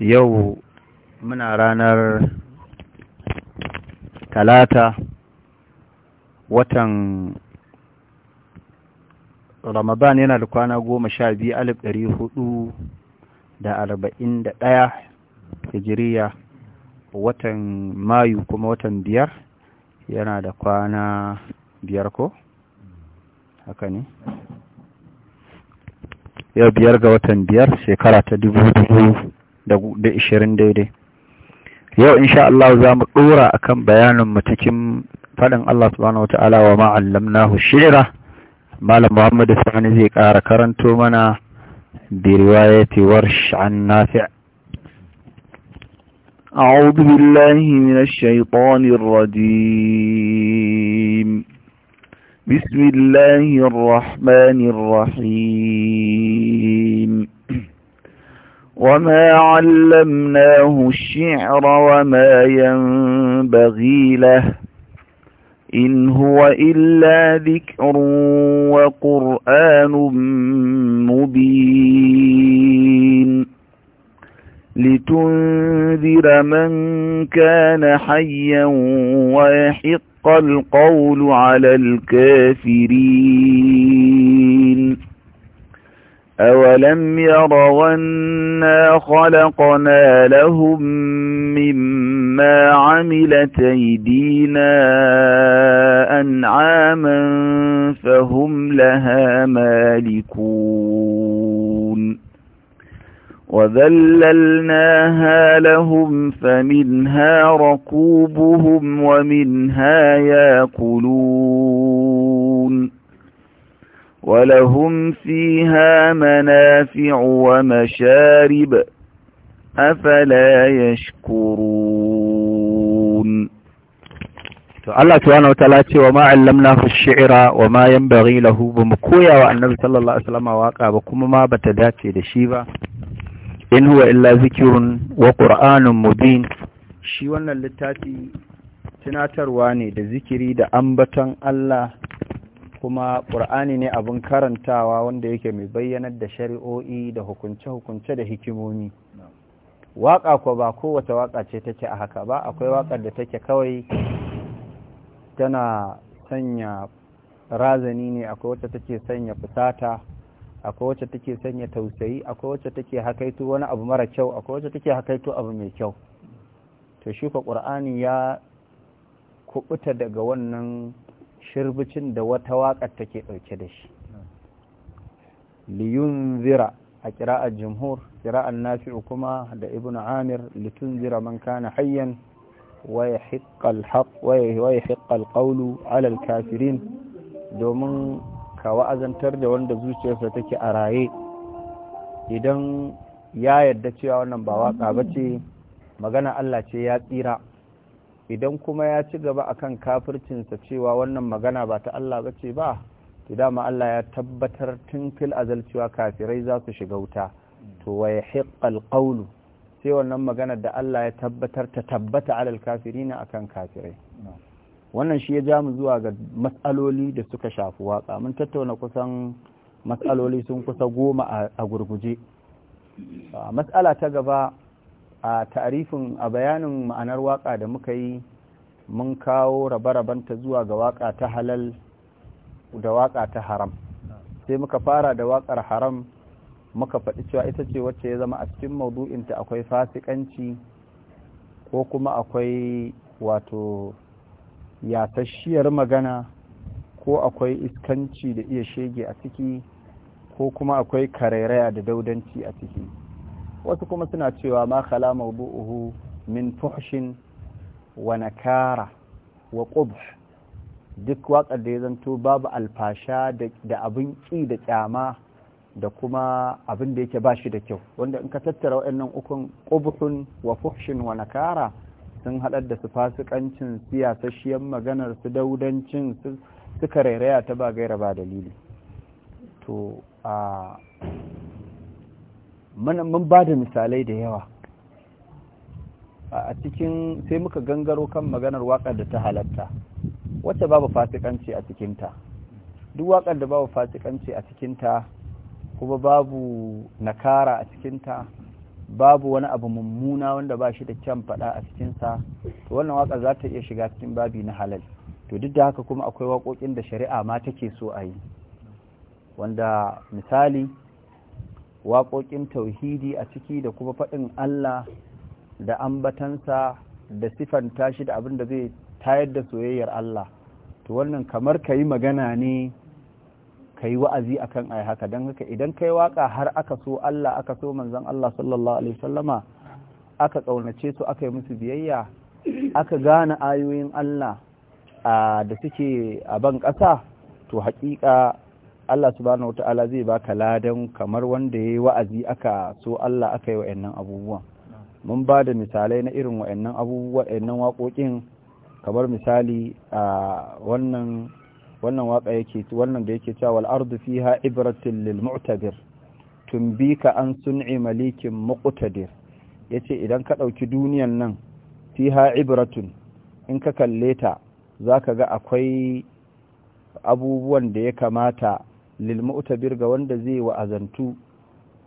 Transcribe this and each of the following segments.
yau muna ranar talata watan ramadan yana da kwana goma sha biyu alif ɗari hudu da arba'in da ɗaya hijiriya watan mayu kuma watan biyar yana da kwana biyar ko haka ne yau biyar ga watan biyar shekara ta dubu dubu da ishirin daidai yau insha Allah za mu ɗora akan bayanin mu cikin faɗin Allah subhanahu wata'ala wa ma'allamnahu shira malam Muhammadu Sani zai ƙara karanto mana bi riwayati warsh an nafi' أعوذ بالله من الشيطان الرجيم بسم الله وما علمناه الشعر وما ينبغي له إن هو إلا ذكر وقرآن مبين لتنذر من كان حيا ويحق القول على الكافرين أَوَلَمْ يرون خَلَقْنَا لَهُم مِّمَّا عَمِلَتْ أَيْدِينَا أَنْعَامًا فَهُمْ لَهَا مَالِكُونَ وَذَلَّلْنَاهَا لَهُمْ فَمِنْهَا رَكُوبُهُمْ وَمِنْهَا يَأْكُلُونَ ولهم فيها منافع ومشارب أفلا يشكرون الله سبحانه وتعالى وما علمناه الشعر وما ينبغي له بمكويا والنبي صلى الله عليه وسلم واقع بكم ما بتداتي لشيبا إن هو إلا ذكر وقرآن مبين شي wannan littafi tunatarwa ne da zikiri da ambatan Allah kuma ƙur'ani ne abin karantawa wanda yake mai bayyanar da shari'o'i da hukunce-hukunce da hikimomi waƙa ko ba kowace waƙa ce take a haka ba akwai waƙar da take kawai tana sanya razani ne akwai wacce take sanya fusata akwai wacce take sanya tausayi akwai wacce take hakaito wani abu mara kyau akwai wacce take hakaito abu mai kyau to shuka ƙur'ani ya kubuta daga wannan shirbicin da wata waƙar take ɗauke da shi liyun zira a ƙira'ar jimhur ƙira'ar nafi'u kuma da ibn amir litun zira man kana hayyan waya hiƙal ƙaulu alal kafirin domin ka wa'azantar da wanda zuciyarsa take a raye idan ya yarda cewa wannan ba waƙa ba ce magana Allah ce ya tsira idan kuma ya ci gaba akan kafircinsa cewa wannan magana ba ta Allah ba ce ba to dama Allah ya tabbatar tun fil azal cewa kafirai za su shiga wuta to wa yahiqqal qawlu sai wannan magana da Allah ya tabbatar ta tabbata alal kafiri kafirina akan kafirai wannan shi ya ja mu zuwa ga matsaloli da suka shafi waka mun tattauna kusan matsaloli sun kusa goma a gurguje matsala ta gaba a tarifin a bayanin ma'anar waka da muka yi mun kawo rabarabanta zuwa ga waka ta halal da waka ta haram sai muka fara da wakar haram muka faɗi cewa ita ce wacce ya zama a cikin maudu'inta akwai fasikanci ko kuma akwai wato yasasshiyar magana ko akwai iskanci da iya shege a ciki ko kuma akwai karairaya da daudanci a ciki wasu kuma suna cewa ma khala mawdu'uhu min fuhshin wa nakara wa qubh duk waƙar da ya zanto babu alfasha da abin ƙi da ƙyama da kuma abin da yake bashi da kyau wanda in ka tattara waɗannan ukun qubhun wa fuhshin wa nakara sun haɗar da su fasikancin siyasasshiyar maganar su daudancin su suka rairaya ta ba gaira ba dalili to a mun ba da misalai da yawa a cikin sai muka gangaro kan maganar waƙar da ta halatta wacce babu fasikanci a cikinta duk waƙar da babu fasikanci a cikinta kuma babu nakara a cikinta babu wani abu mummuna wanda ba shi da kyan faɗa a cikinsa to wannan waƙar za ta iya shiga cikin babi na halal to duk da haka kuma akwai waƙoƙin da shari'a ma take so a yi wanda misali waƙoƙin tauhidi a ciki da kuma faɗin Allah da ambatansa da sifanta shi da abin da zai tayar da soyayyar Allah to wannan kamar ka yi magana ne ka yi wa'azi a kan ai haka don haka idan ka yi waƙa har aka so Allah aka so manzan Allah sallallahu Alaihi sallama aka ƙaunace su aka yi musu biyayya aka gane ayoyin Allah da suke a ban ƙasa to haƙiƙa Allah subhanahu wata'ala zai ba baka ladan kamar wanda ya yi wa'azi aka so Allah aka yi wa'annan abubuwan mun ba da misalai na irin wa'annan abubuwa wa'annan waƙoƙin kamar misali a wannan wannan waka yake wannan da yake cewa fi ha fiha lilmu’tadir tun mu'tabir ka an sun malikin ya yace idan ka ɗauki duniyan nan fiha ibratun in ka kalle ta za ka ga akwai abubuwan da ya kamata lilmu'tabir ga wanda zai wa'azantu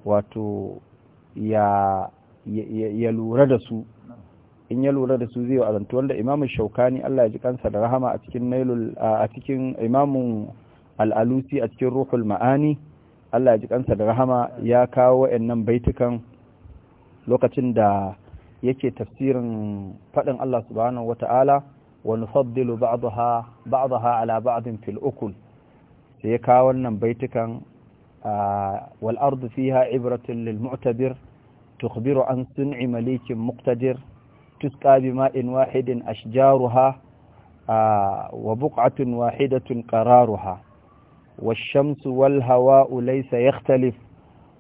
wato ya ya lura da su in ya lura da su zai wa'azantu wanda imamu shaukani Allah ya ji kansa da rahama a cikin nailul a cikin al al'alusi a cikin ruhul ma'ani Allah ya ji kansa da rahama ya kawo wayannan baitukan lokacin da yake tafsirin faɗin Allah subhanahu wata'ala wa nufaddilu ba'daha ba'daha ala ba'din fil ukul da ya kawo wannan baitukan wal ardu fiha ibratun lil mu'tadir tukhbiru an sun'i malikin muqtadir tusqa bi ma'in wahidin ashjaruha wa buq'atun wahidatun qararuha والشمس والهواء ليس يختلف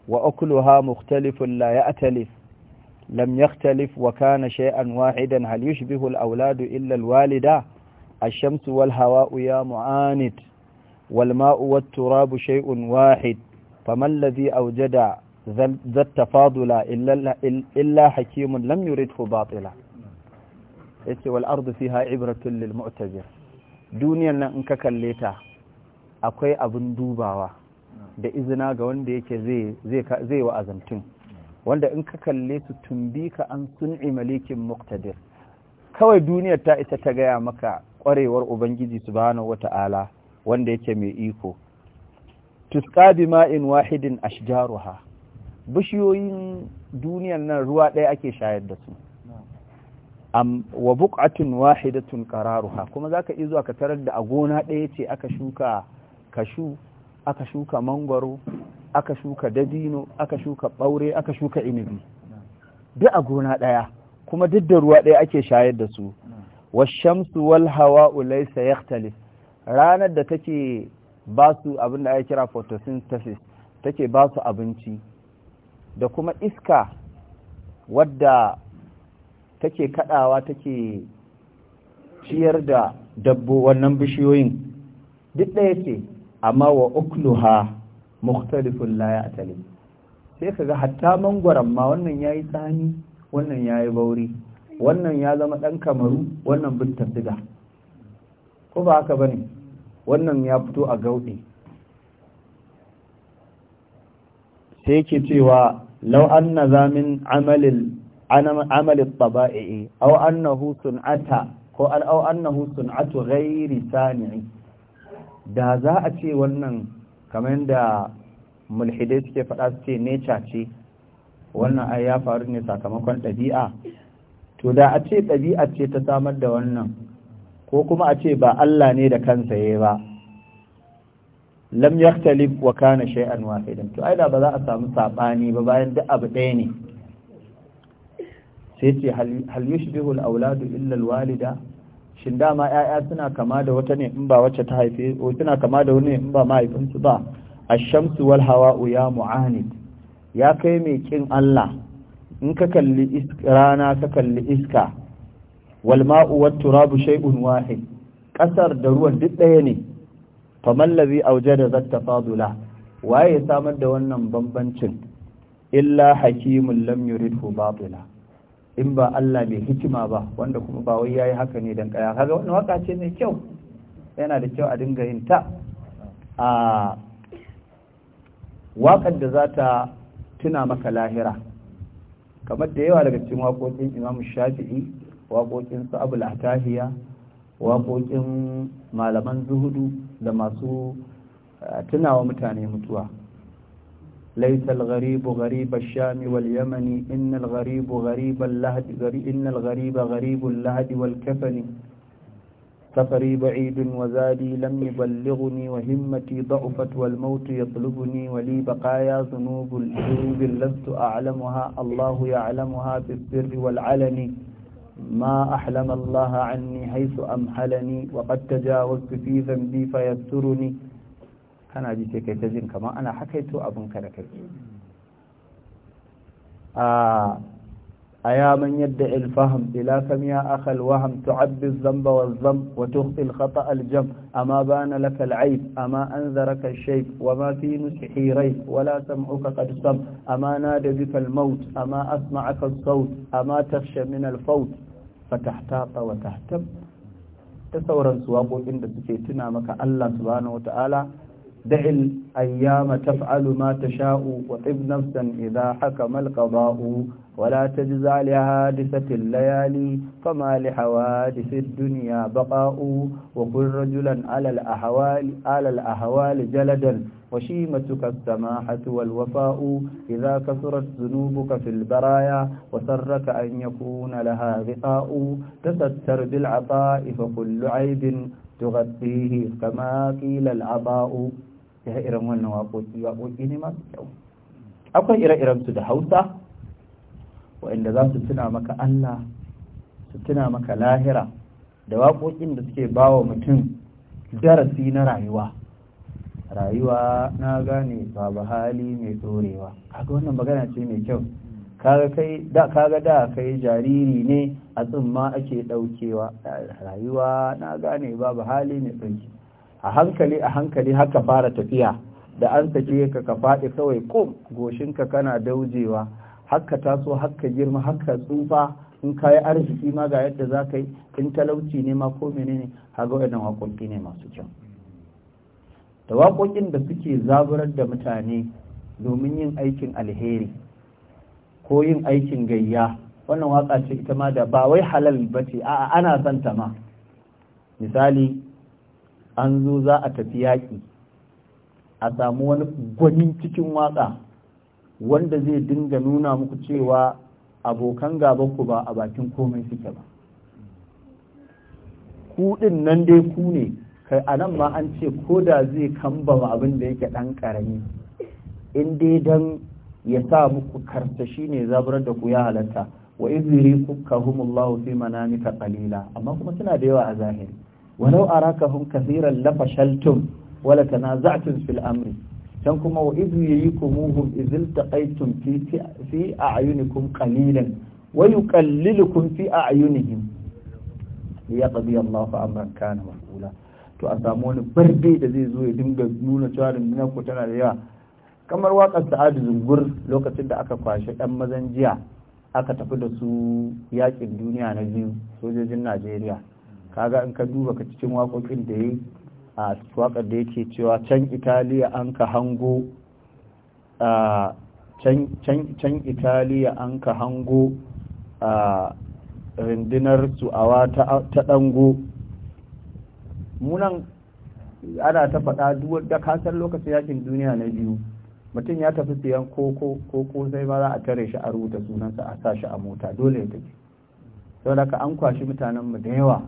وأكلها مختلف لا يأتلف wa يختلف وكان شيئا واحدا هل يشبه الأولاد إلا الوالدة الشمس والهواء uya معاند والماء والتراب شيء واحد فما الذي أوجد ذا التفاضل إلا, إلا حكيم لم يريده باطلا yace والأرض فيها fiha للمؤتجر دونيا mu'tazir كليتا أكوي in ka ta akwai abun dubawa da izina ga wanda yake zai zai wa azantun wanda in ka kalle su tumbika an sun'i malikin muqtadir kawai duniyar ta ita ta gaya maka kwarewar ubangiji subhanahu wata'ala wanda yake mai iko tusqa bima'in wahidin ashjaruha bishiyoyin duniyar nan ruwa ɗaya ake shayar da su am wa buq'atun wahidatun qararuha kuma zaka izo zuwa ka tarar da a gona ɗaya ce aka shuka kashu aka shuka mangwaro aka shuka dabino aka shuka ɓaure aka shuka inibi duk a gona ɗaya kuma duk da ruwa ɗaya ake shayar da su washamsu wal hawa'u laysa yakhtalif ranar da take ba su abin da ake kira photosynthesis take ba su abinci da kuma iska wadda take kadawa take ciyar da dabbo wannan bishiyoyin duk ɗaya ce amma wa ukluha mukhtalifun la ya'tali sai kaga hatta mangwaron ma wannan yayi tsani wannan yayi bauri wannan ya zama dan kamaru wannan bin tafiga ko ba haka bane wannan ya fito a gauɗe sai yake cewa law anna zamin amalil amalil taba'i aw annahu sun'ata ko aw annahu sun'atu ghairi sani'i da za a ce wannan kamar da mulhidai suke faɗa su ce nature ce wannan ai ya faru ne sakamakon ɗabi'a to da a ce ɗabi'a ce ta samar da wannan ko kuma a ce ba Allah ne da kansa ya ba lam yaktalif wa kana shay'an wahidan to ai ba za a samu sabani ba bayan duk abu ɗaya ne sai ce hal yushbihu al-awladu illa al-walida shin dama yaya suna kama da wata ne in ba wacce ta haife ko suna kama da wani in ba mahaifinsu ba ash-shamsu wal hawa'u ya mu'anid ya kai mai kin Allah in ka kalli rana ka kalli iska wal ma'u wat turabu shay'un wahid da ruwan duk ɗaya ne faman lazi aujada zata fadula waye ya samar da wannan bambancin illa hakimun lam yuridhu batila in ba Allah mai hikima ba wanda kuma ba wai yayi haka ne dan kaya kaga wannan waka ce mai kyau yana da kyau a dinga yin ta waƙar da za ta tuna maka lahira kamar da yawa daga cikin waƙoƙin Imam Shafi'i waƙoƙin sabu latahiya waƙoƙin malaman zuhudu da masu eh, tunawa mutane mutuwa laita al-gharibu gharibar shami wal yamani innal gharibu gharibar lahadi innal gharibu gharibul lahadi wal kafani safari ba'idun wa zadi lam yuballighuni wa himmati da'ufat wal maut yatlubuni wa li baqaya dhunubul ujub lam tu'lamuha Allahu ya'lamuha bis sirri wal alani ما أحلم الله عني حيث أمحلني وقد تجاوزت في ذنبي فيسترني كان أجي سيكي تجن كما أنا حكيت أبن كنكي آه أيا من يدعي الفهم إلى كم يا أخ الوهم تعبي الذنب والذنب وتخطي الخطأ الجم أما بان لك العيب أما أنذرك الشيب وما في نسحي ريب ولا سمعك قد سم أما نادى بك الموت أما أسمعك الصوت أما تخشى من الفوت فتحتاط وتحتم تصورا سواقو إن تسيتنا مك الله سبحانه وتعالى دع الأيام تفعل ما تشاء وطب نفسا إذا حكم القضاء ولا تجزع لحادثة الليالي فما لحوادث الدنيا بقاء وكن رجلا على الأحوال, على الأحوال جلدا وشيمتك السماحة والوفاء إذا كثرت ذنوبك في البرايا وسرك أن يكون لها غطاء تستر بالعطاء فكل عيب تغطيه كما قيل العطاء ire-iren wannan waƙoƙi waƙoƙi ne masu kyau akwai ire-iren su da hausa waɗanda za su tuna maka allah su tuna maka lahira da waƙoƙin da suke ba wa mutum darasi na rayuwa rayuwa na gane babu hali mai tsorewa kaga wannan magana ce mai kyau kaga da kai jariri ne a tsumma ake ɗaukewa rayuwa na gane babu hali mai tsorewa a hankali a hankali haka fara tafiya da an sake ka ka faɗi kawai kum goshinka kana daujewa haka taso haka girma haka tsufa in kayi arziki ma ga yadda za ka yi in talauci ne ma ko har haga waɗannan waƙoƙi ne masu kyau da waƙoƙin da suke zaburar da mutane domin yin aikin alheri ko yin aikin gayya wannan waƙa ce ita ma da ba wai halal ba ce a'a ana son ta ma misali an zo za a tafi yaƙi a samu wani gwanin cikin waƙa wanda zai dinga nuna muku cewa abokan gabanku ba a bakin komai suke ba ku nan dai ku ne kai a nan ma an ce ko da zai kambama abin da yake ɗan ƙarami in dai don ya sa muku karsashi ne zabar da ku ya halatta wa iziri kuka humullahu fi manamika qalila amma kuma suna da yawa a zahiri walau arakahum kathiran lafashaltum wala tanaza'tum fil amri dan kuma wa idh yurikumuhum idh iltaqaytum fi fi a'yunikum qalilan wa yuqallilukum fi a'yunihim liyaqdi Allahu amran kana maf'ula to a samu wani barbe da zai zo ya dinga nuna cewa rundunar ku tana da yawa kamar waƙar sa'adu zungur lokacin da aka kwashe ɗan mazan jiya aka tafi da su yaƙin duniya na biyu sojojin najeriya kaga in ka duba ka cikin waƙoƙin da yi a waƙar da yake cewa can italiya an ka hango can italiya an ka hango a rindinar su'awa ta ɗango munan ana ta faɗa da kasar lokacin yakin duniya na biyu mutum ya tafi siyan koko koko sai ba za a tare shi a rubuta sunansa a sa shi a mota dole ya tafi sau da ka an kwashi mutanenmu da yawa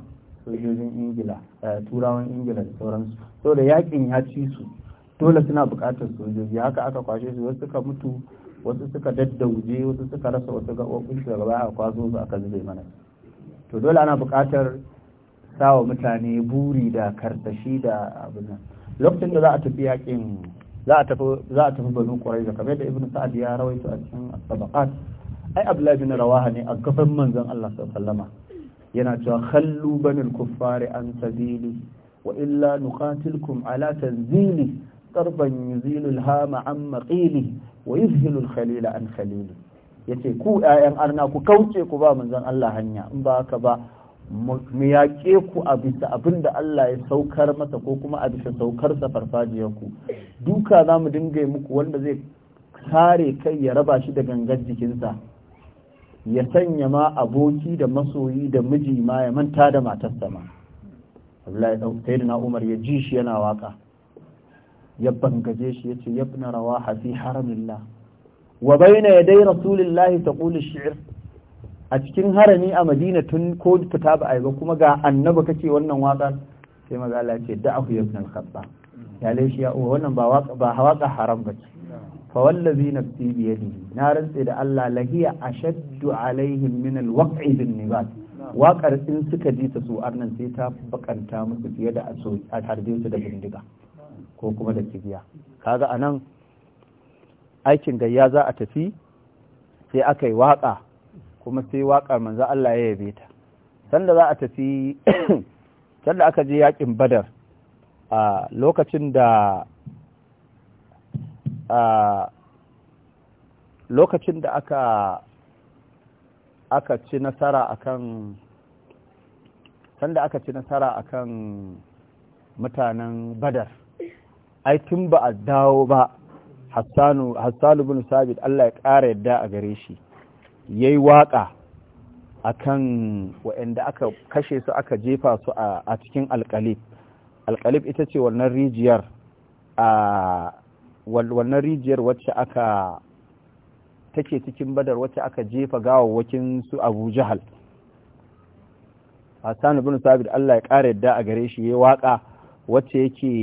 sojojin ingila eh, turawan ingila da sauransu so da yakin ya ci su dole suna bukatar sojoji haka aka kwashe su wasu suka mutu wasu suka daddauje wasu suka rasa wasu gaɓoɓin su daga baya kwaso su aka zube mana to dole ana buƙatar sawa mutane buri da karsashi da abin nan lokacin da za a tafi yakin za a tafi banu ƙwarai da kamar da ibn sa'ad ya rawaito a cikin sabaqat ai abdullahi bin rawaha ne a gaban manzon Allah sallallahu alaihi wasallama yana cewa khallu banil kuffari an sabili wa illa nuqatilkum ala tanzili darban yuzilu alhama amma qili wa yuzhilul alkhalila an khalili yace ku ƴaƴan arna ku kauce ku ba manzon Allah hanya in ba haka ba mu yaƙe ku a bisa abinda Allah ya saukar masa ko kuma a bisa saukar sa farfajiyar ku duka za mu dinga muku wanda zai kare kai ya raba shi da gangar jikinsa ya sanya ma aboki da masoyi da miji ma ya manta da matarsa ma Abdullahi na Umar ya ji shi yana waka ya bangaje shi yace yabna rawaha fi haramillah wa bayna yaday rasulillah taqulu shir a cikin harami a Madina tun ko fita ba ai ba kuma ga annaba kake wannan waka sai maza Allah ya ce da'ahu ibn al-khattab ya shi ya oh, wannan ba waka ba haram bace fa wallazi nafsi bi na rantse da Allah lahiya ashaddu alaihim min alwaqi bin nibat waƙar in suka ji ta su annan sai ta bakanta musu fiye da a harbe su da bindiga ko kuma da kibiya kaga anan aikin gayya za a tafi sai aka yi waƙa kuma sai waƙar manzo Allah ya yabe ta sanda za a tafi sanda aka je yakin badar a lokacin da a lokacin da aka aka ci nasara akan sanda aka ci nasara akan mutanen badar ai tun ba a dawo ba hassanu hassanu bin sabit Allah ya ƙara yadda a gare shi yayi waka akan waɗanda aka kashe su aka jefa su a cikin alƙalif alƙalif ita ce wannan rijiyar a wannan rijiyar wacce aka take cikin badar wacce aka jefa gawawwakin su abu A hassan ibn sabit allah ya ƙara yadda a gare shi ya waƙa wacce yake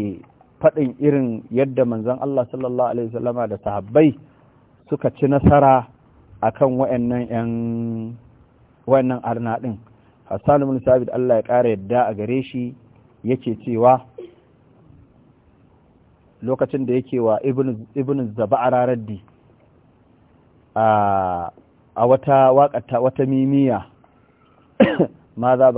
faɗin irin yadda manzon allah sallallahu alaihi wasallama da sahabbai suka ci nasara a kan yan arna ɗin hassan ibn sabit allah ya ƙara yadda a gare shi yake cewa lokacin da yake wa ibn zaba'ara raddi a wata waƙata wata mimiya maza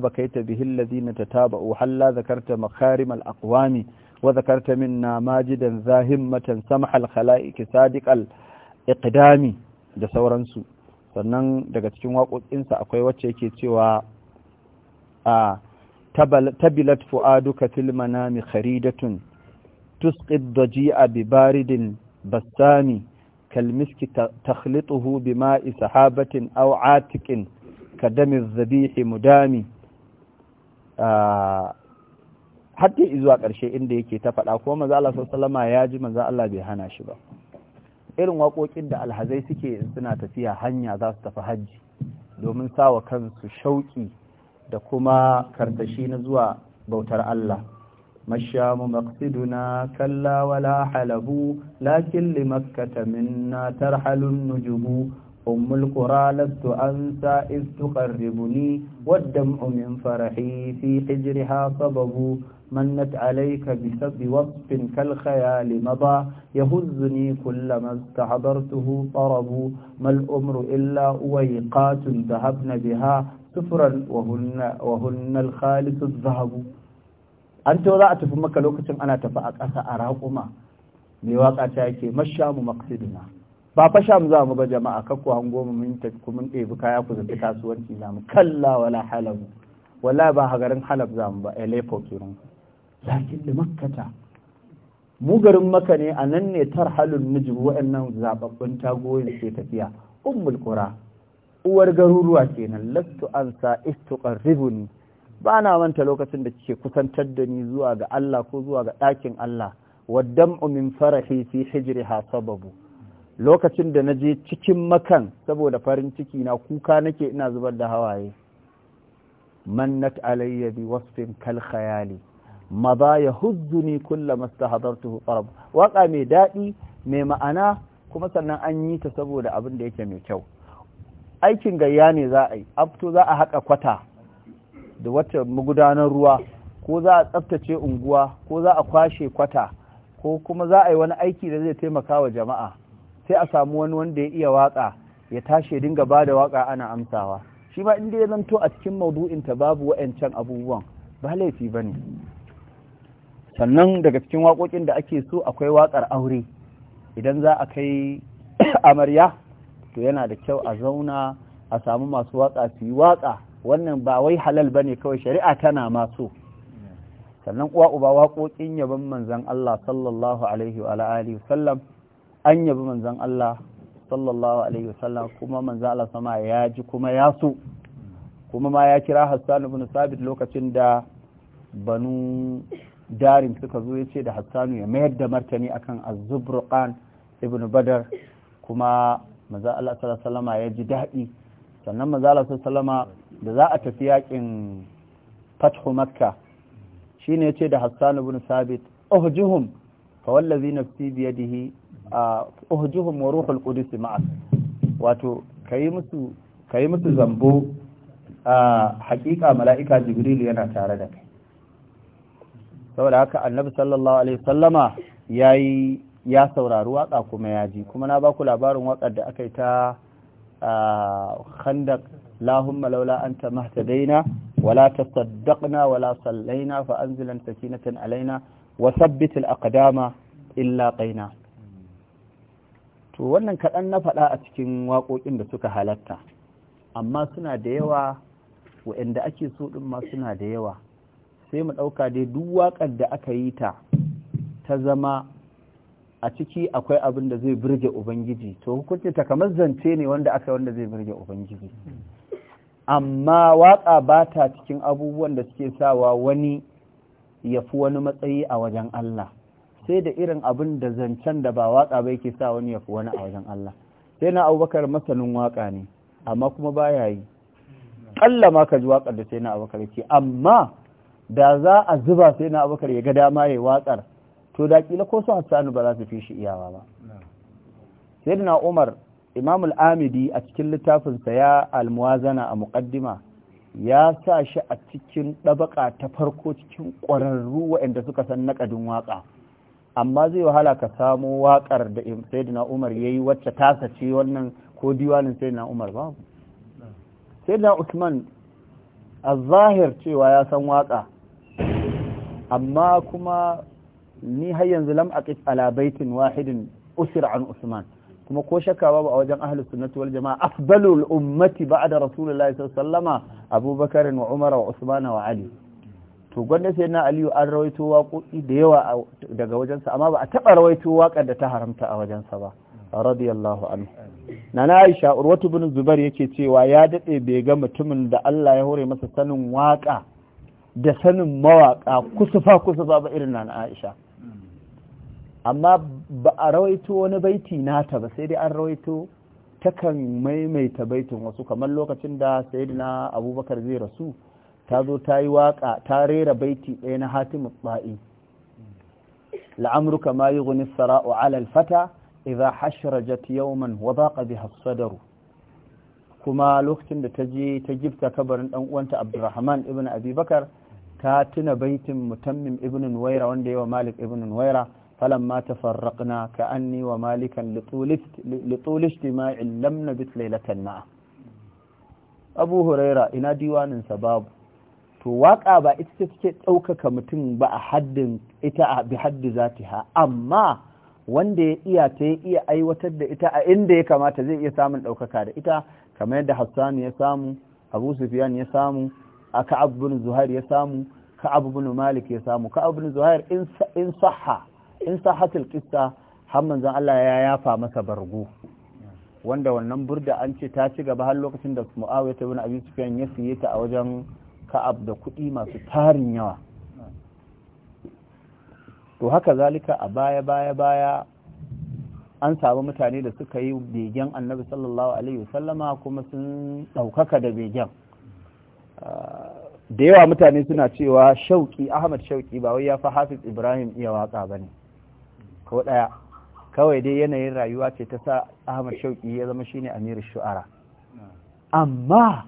ba kai ta bihin lazina ta taba uhalla zakarta makarim al'akwami wa zakarta na majidan zahimmatan samhal khala'iki sadiqal iqdami da sauransu sannan daga cikin waƙoƙinsa akwai wacce yake cewa a tabilat fu'aduka fil manami kharidatun تسقط ضجيء ببارد بسام كالمسك تخلطه بماء سحابة أو عاتق كدم الذبيح مدام hatta izuwa ƙarshe inda yake ta faɗa kuma maza Allah sallama ya ji maza Allah bai hana shi ba irin waƙoƙin da alhazai suke suna tafiya hanya za su tafi hajji domin sawa kansu shauƙi da kuma karsashi na zuwa bautar Allah ما الشام مقصدنا كلا ولا حلب لكن لمكة منا ترحل النجب أم القرى لست أنسى إذ تقربني والدمع من فرحي في حجرها صبب منت عليك بسبب وصف كالخيال مضى يهزني كلما استحضرته طرب ما الأمر إلا أويقات ذهبن بها سفرا وهن, وهن الخالص الذهب an to za a tafi maka lokacin ana tafi a ƙasa a raƙuma mai waƙa ta yake mashamu maqsiduna ba fa mu za mu ba jama'a kakku an goma mun tafi kuma ɗebi kaya ku zabi kasuwanci na mu kalla wala halabu wala ba garin halab za mu ba aleppo kenan lakin da makkata mu garin maka ne a nan ne tarhalun in wa'annan zababbun tagoyin ke tafiya ummul qura uwar garuruwa kenan lastu ansa istuqarribuni ba na manta lokacin da kike kusantar da ni zuwa ga Allah ko zuwa ga ɗakin Allah waddan min farahi fi hijriha sababu lokacin da naje cikin makan saboda farin ciki na kuka nake ina zubar da hawaye mannat alayya bi wasfin kal khayali maza yahuzzuni kullama istahadartuhu qarab waka mai dadi mai ma'ana kuma sannan an yi ta saboda abin da yake mai kyau aikin gayya ne za a yi abto za a haƙa kwata da wata magudanar ruwa ko za a tsaftace unguwa ko za a kwashe kwata ko kuma za a yi wani aiki da zai taimaka wa jama'a sai a samu wani wanda ya iya waka ya tashi dinga ba da waka ana amsawa shi ma inda ya zanto a cikin maudu'in ta babu wa'ancan abubuwan ba laifi ba ne sannan daga cikin waƙoƙin da ake so akwai waƙar aure idan za a kai amarya to yana da kyau a zauna a samu masu waƙa su yi waƙa wannan ba wai halal ba ne kawai shari'a tana maso sannan uwa uba waƙoƙin yabon manzan Allah sallallahu alaihi wa wa sallam an yabi manzan Allah sallallahu alaihi sallam kuma manzan Allah sama ya ji kuma ya so kuma ma ya kira Hassan ibn Sabit lokacin da banu darin suka zo ya ce da Hassanu ya mayar da martani akan Azubruqan ibn Badar kuma manzan Allah sallallahu alaihi ya ji daɗi sannan manzan Allah sallallahu alaihi da za a tafi yakin fathu makka shi ne ce da hassan ibn sabit uhjuhum fa wallazi nafsi bi yadihi uhjuhum wa ruhul qudus ma'ak wato kai musu kai musu zambo a hakika mala'ika jibril yana tare da kai saboda haka annabi sallallahu alaihi wasallama yayi ya saurari waka kuma yaji kuma na ba ku labarin wakar da aka yi ta khandak اللهم لولا أنت ما اهتدينا ولا تصدقنا ولا صلينا فأنزل سكينة علينا وثبت الأقدام إلا قينا to wannan kaɗan na faɗa a cikin waƙoƙin da suka halatta amma suna da yawa inda ake so ɗin ma suna da yawa sai mu ɗauka dai duk waƙar da aka yi ta ta zama a ciki akwai abin da zai burge ubangiji to hukunci ta kamar zance ne wanda aka wanda zai burge ubangiji amma waƙa ba ta cikin abubuwan da suke sawa wani ya fi wani matsayi a wajen Allah sai da irin abin da zancen da ba waƙa ba yake sa wani ya fi wani a wajen Allah sai na abubakar masanin waƙa ne amma kuma ba ya yi ƙalla ma ka ji waƙar da sai na abubakar ce amma da za a zuba sai na abubakar ya ga dama ya yi waƙar to da ƙila ko su hassanu ba za su fi shi iyawa ba sai na umar imam al'amidi a cikin littafinsa ya almuwazana a muƙaddima ya sa shi a cikin ɗabaƙa ta farko cikin ƙwararru waɗanda suka san naƙadin waƙa amma zai wahala ka samo waƙar da sayyidina umar ya yi wacce tasa ce wannan ko diwanin sayyidina umar ba sayyidina usman a zahir cewa ya san waƙa amma kuma ni har yanzu lam aqif ala baitin wahidin usir an usman kuma ko shakka babu a wajen ahlus sunnati wal jama'a afdalul ummati ba'da rasulullahi sallallahu abubakar wa umar wa usman wa ali to gwanda sai na aliyu an rawaito waƙoƙi da yawa daga wajensa amma ba a taɓa rawaito waƙar da ta haramta a wajensa ba radiyallahu anhu nana aisha urwatu bin zubair yake cewa ya daɗe bai ga mutumin da Allah ya hore masa sanin waƙa da sanin mawaƙa kusufa kusufa ba irin nana aisha amma ba a rawaito wani baiti nata ba sai dai an rawaito takan maimaita baitin wasu kamar lokacin da na abubakar zai rasu ta zo ta yi waka ta rera baiti ɗaya na hatimu ba'i la'amruka ma yi guni sara'u alal fata idza hashrajat yawman wa baqa biha sadaru kuma lokacin da ta je ta gifta kabarin dan uwanta Abdurrahman ibn abubakar ta tuna baitin Mutammim ibn Nuwaira wanda yawa Malik ibn Nuwaira فلما تفرقنا كأني ومالكا لطول اجتماع لم نبت ليلة معه أبو هريرة إنا ديوان سباب to waƙa ba ita take ɗaukaka mutum ba a haddin ita a bi haddi zatiha amma wanda ya iya ta ya iya aiwatar da ita a inda ya kamata zai iya samun ɗaukaka da ita kamar yadda Hassan ya samu Abu Sufyan ya samu Ka'ab bin Zuhair ya samu Ka'ab Malik ya samu Ka'ab bin Zuhair in sahha in sahatul kissa har manzon Allah ya yafa masa bargo wanda wannan burda an ce ta ci gaba har lokacin da Muawiya bin Abi Sufyan ya siye ta a wajen Ka'ab da kuɗi masu tarin yawa to haka zalika a baya baya baya an samu mutane da suka yi begen annabi sallallahu alaihi wasallama kuma sun ɗaukaka da begen da yawa mutane suna cewa shauki ahmad shauki ba wai ya fi hafiz ibrahim iya waka ba ne ko ɗaya kawai dai yanayin rayuwa ce ta sa ahmad shauki ya zama shine amirin shu'ara amma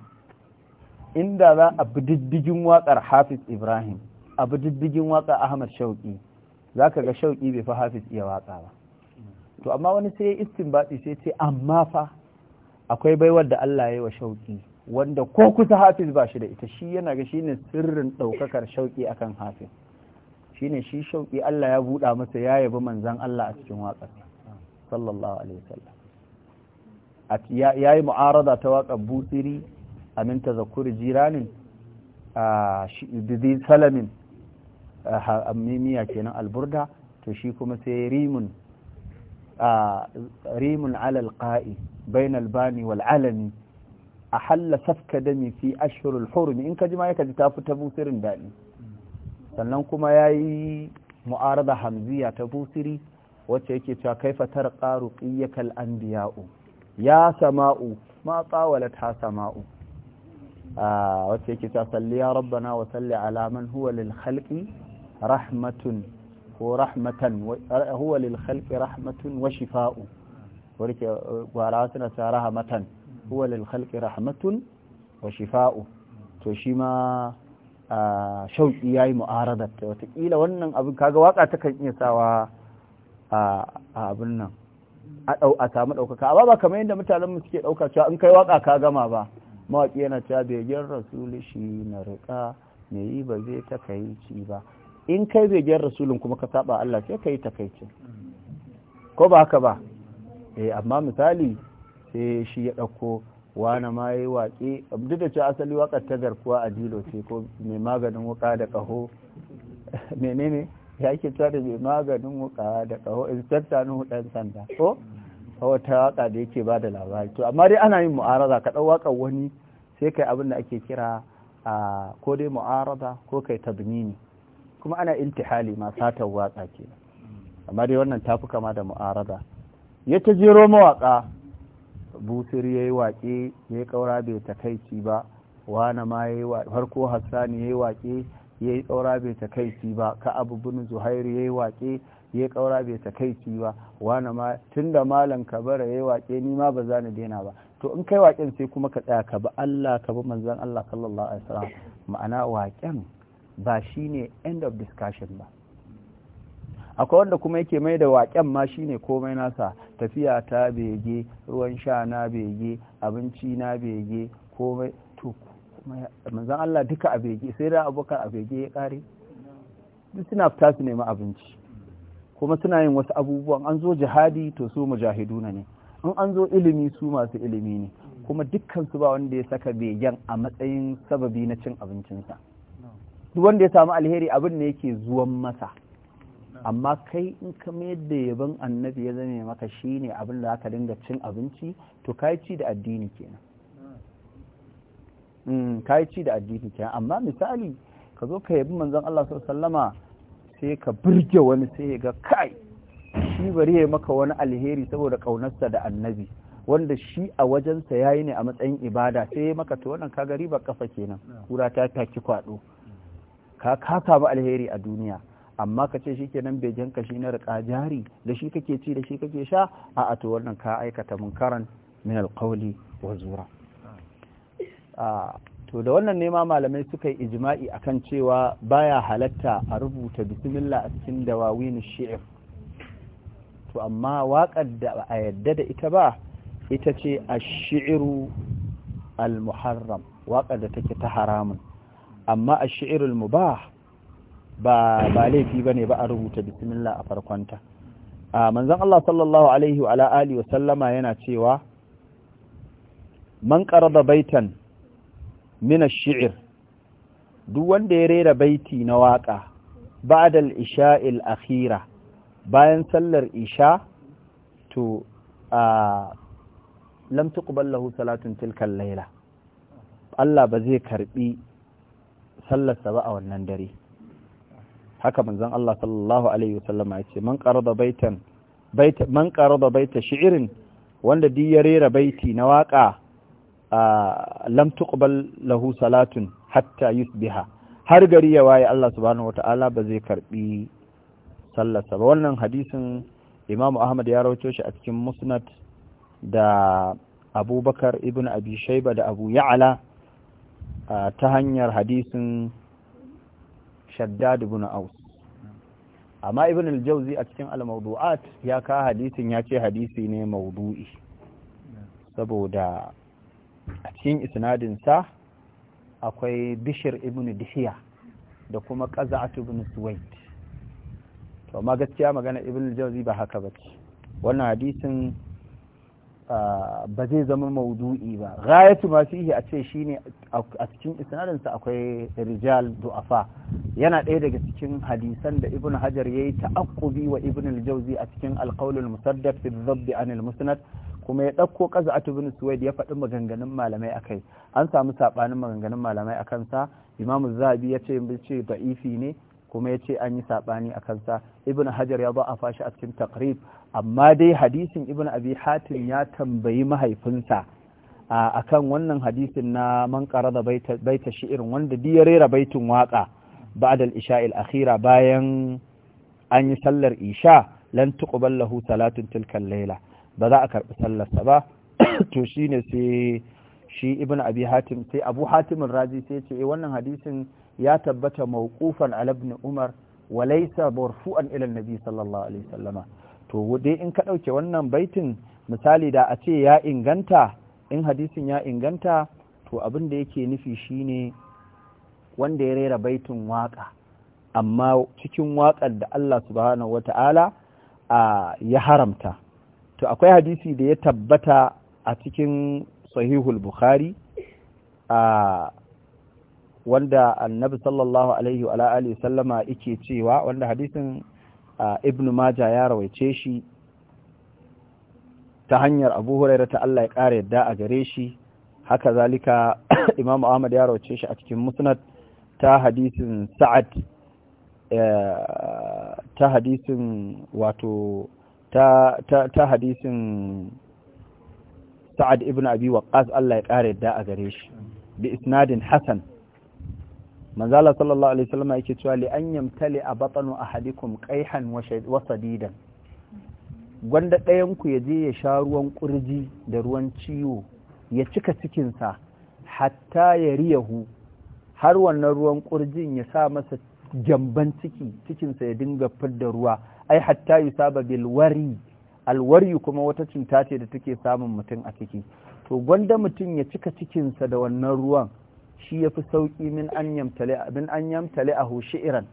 inda za a bi diddigin waƙar hafiz ibrahim a bi diddigin waƙar ahmad shauƙi za ka ga shauƙi bai fi hafiz iya waƙa ba to amma wani sai ya istin baɗi sai ce amma fa akwai baiwar da Allah ya yi wa shauƙi wanda ko kusa hafiz ba shi da ita shi yana ga shi ne sirrin ɗaukakar shauƙi akan hafiz shine shi shauƙi Allah ya buɗa masa ya yabi manzan Allah a cikin waƙar sallallahu alaihi wasallam ya yi mu'arada ta waƙar busiri amin zakuri jiranin a shididi salamin mimiya kenan alburda to shi kuma sai rimun rimun alal qa'i bainal bani wal alami a halla safka dami fi ashhurul in ka ji ma yaka ji ta fi ta busirin daɗi sannan kuma ya yi mu'arada hamziya ta busiri wacce yake cewa kaifa tarqa ruqiyyakal anbiya'u ya sama'u ma tsawalat ha sama'u wacce yake cewa salli ya rabbana wa salli ala man huwa lil khalqi rahmatun ko rahmatan huwa lil khalqi rahmatun wa shifaa'u warke gwara suna ta rahmatan huwa lil khalqi rahmatun wa to shi ma shauƙi ya yi mu'aradar ta watakila wannan abin kaga waka ta kan iya sawa a abin nan a samu ɗaukaka amma ba kamar yadda mutanen mu suke ɗauka cewa in kai waka ka gama ba mawaƙi yana cewa begen rasulu shi na riƙa me yi ba zai takaici ba in kai begen rasulun kuma ka saba Allah sai ka yi takaici ko ba haka ba eh amma misali sai shi ya ɗauko wani ma yi waƙi duk da cewa asali waƙar ta garkuwa a dilo ce ko mai maganin wuka da ƙaho menene ya ke tsari mai maganin wuka da ƙaho inspector nuhu ɗan sanda ko wata waka da yake ba da labari to amma dai ana yin mu'arada ka ɗau waƙar wani sai kai abin da ake kira a ko dai mu'arada ko kai tabnini kuma ana intihali ma satar waƙa ke amma dai wannan tafi kama da mu'arada ya ta jero mawaƙa busir ya yi waƙe ya yi ƙaura bai takaici ba wana ma ya yi farko hassani ya yi waƙe ya yi ƙaura bai takaici ba ka abu bin zuhairu ya yi waƙe ya yi ƙaura bai takaici ba wana ma tun da malam bara ya yi waƙe ni ma ba za ni daina ba to in kai waƙen sai kuma ka tsaya ka bi Allah ka bi manzon Allah sallallahu alaihi wasallam ma'ana waƙen ba shi ne end of discussion ba akwai wanda kuma yake mai da waƙen ma shine komai nasa tafiya ta bege ruwan sha na bege abinci na bege komai to manzan Allah duka a bege sai da abokan a bege ya kare duk suna fita su nemi abinci kuma suna yin wasu abubuwan an zo jihadi to su mujahiduna ne in an zo ilimi su masu ilimi ne kuma dukkan su ba wanda ya saka begen a matsayin sababi na cin abincinsa duk wanda ya samu alheri abin ne yake zuwan masa amma kai in ka mayar da yabon annabi ya zame maka ne abin da aka dinga cin abinci to kai ci da addini kenan mm, kai ci da addini kenan amma misali ka zo ka yabi manzon Allah sallama sai ka birge wani sai ya ga kai shi bari ya maka wani alheri saboda kaunarsa da annabi wanda shi a wajensa ya yi ne a matsayin ibada sai ya maka to wannan kaga riba kafa kenan kura ta taki kwado ka ka ba alheri a duniya amma ka ce shi kenan begen ka shi na riƙa jari da shi kake ci da shi kake sha a a to wannan ka aikata munkaran min alƙauli wa zura to da wannan nema malamai suka yi ijma'i akan cewa baya halatta a rubuta bismillah a cikin dawawin shi'ir to amma waƙar da a yadda da ita ba ita ce a shi'iru al-muharram waƙar da take ta haramun amma a shi'irul mubah ba ba laifi bane ba a rubuta bismillah a farkonta a manzon Allah sallallahu alaihi wa alihi wa sallama yana cewa man qarada baitan min ash-shi'r duk wanda ya rera baiti na waka ba'da al-isha'il akhira bayan sallar isha to a lam tuqbal lahu salatun tilka al-laila Allah ba zai karbi sallarsa ba a wannan dare haka manzon Allah sallallahu alaihi wasallam ya ce man qarada baitan bait man qarada baita shi'rin wanda di ya rera baiti na waka lam tuqbal lahu salatun hatta yusbiha har gari ya waye Allah subhanahu wataala ba zai karbi sallarsa ba wannan hadisin Imam Ahmad ya rawaito shi a cikin Musnad da Abubakar ibn Abi Shayba da Abu Ya'la ta hanyar hadisin shaddad ibn aus amma ibn al-jawzi a cikin al-mawdu'at ya ka hadisin ya ce hadisi ne mawdu'i saboda a cikin isnadin sa akwai bishr ibn dihiya da kuma qaza'at ibn suwayd to amma gaskiya magana ibn al-jawzi ba haka bace wannan hadisin ba zai zama maudu'i ba ghayatu ma fihi a ce shine a cikin isnadin sa akwai rijal du'afa yana ɗaya daga cikin hadisan da ibnu hajar yayi ta'aqqubi wa ibnu al-jawzi a cikin al-qawl al musaddaq fi dhabb an al-musnad kuma ya ɗauko a ibn suwaid ya faɗi maganganun malamai akai an samu saɓanin maganganun malamai akan sa imamu zabi ya ce ba'ifi ce ne kuma ya ce an yi saɓani a kansa ibn hajar ya ba a fashi a cikin takrib amma dai hadisin ibn abi hatim ya tambayi mahaifinsa a kan wannan hadisin na man da baita irin wanda ya rera baitin waƙa ba'dal isha'il akhira bayan an yi sallar isha lan tuqbal lahu salatun tilkan laila ba za a karɓi sallarsa ba to shine sai shi ibn abi hatim sai abu hatimin razi sai ce eh, wannan hadisin ya tabbata mawqufan ala ibn umar wa laysa marfu'an ila annabi sallallahu alaihi wasallama to dai in ka dauke wannan baitin misali da a ce ya inganta in hadisin ya inganta to abin da yake nufi shine wanda ya rera baitin waka amma cikin waƙar da Allah subhanahu wata'ala ya haramta to akwai hadisi da ya tabbata a cikin sahihul bukhari a wanda annabi sallallahu alaihi wa alihi sallama yake cewa wanda hadisin ibn majah ya rawaice shi ta hanyar abu hurairah ta Allah ya kare yadda a gare shi haka zalika imam ahmad ya rawaice shi a cikin musnad ta hadisin sa'ad e, ta hadisin wato ta ta hadisin sa'ad ibn abi waqqas Allah ya kare yadda a gare shi bi isnadin hasan manzala sallallahu alaihi wasallam yake cewa li an yamtali a batanu ahadikum qaihan wa sadidan gwanda ɗayan ku yaje je ya sha ruwan kurji da ruwan ciwo ya cika cikin sa hatta ya riyahu har wannan ruwan kurjin ya sa masa jamban ciki cikin sa ya dinga fidda ruwa ai hatta yusaba bil wari alwari kuma wata cinta ce da take samun mutum a ciki to gwanda mutum ya cika cikinsa da wannan ruwan shi ya fi sauƙi an min an yamtala ahu shi'ran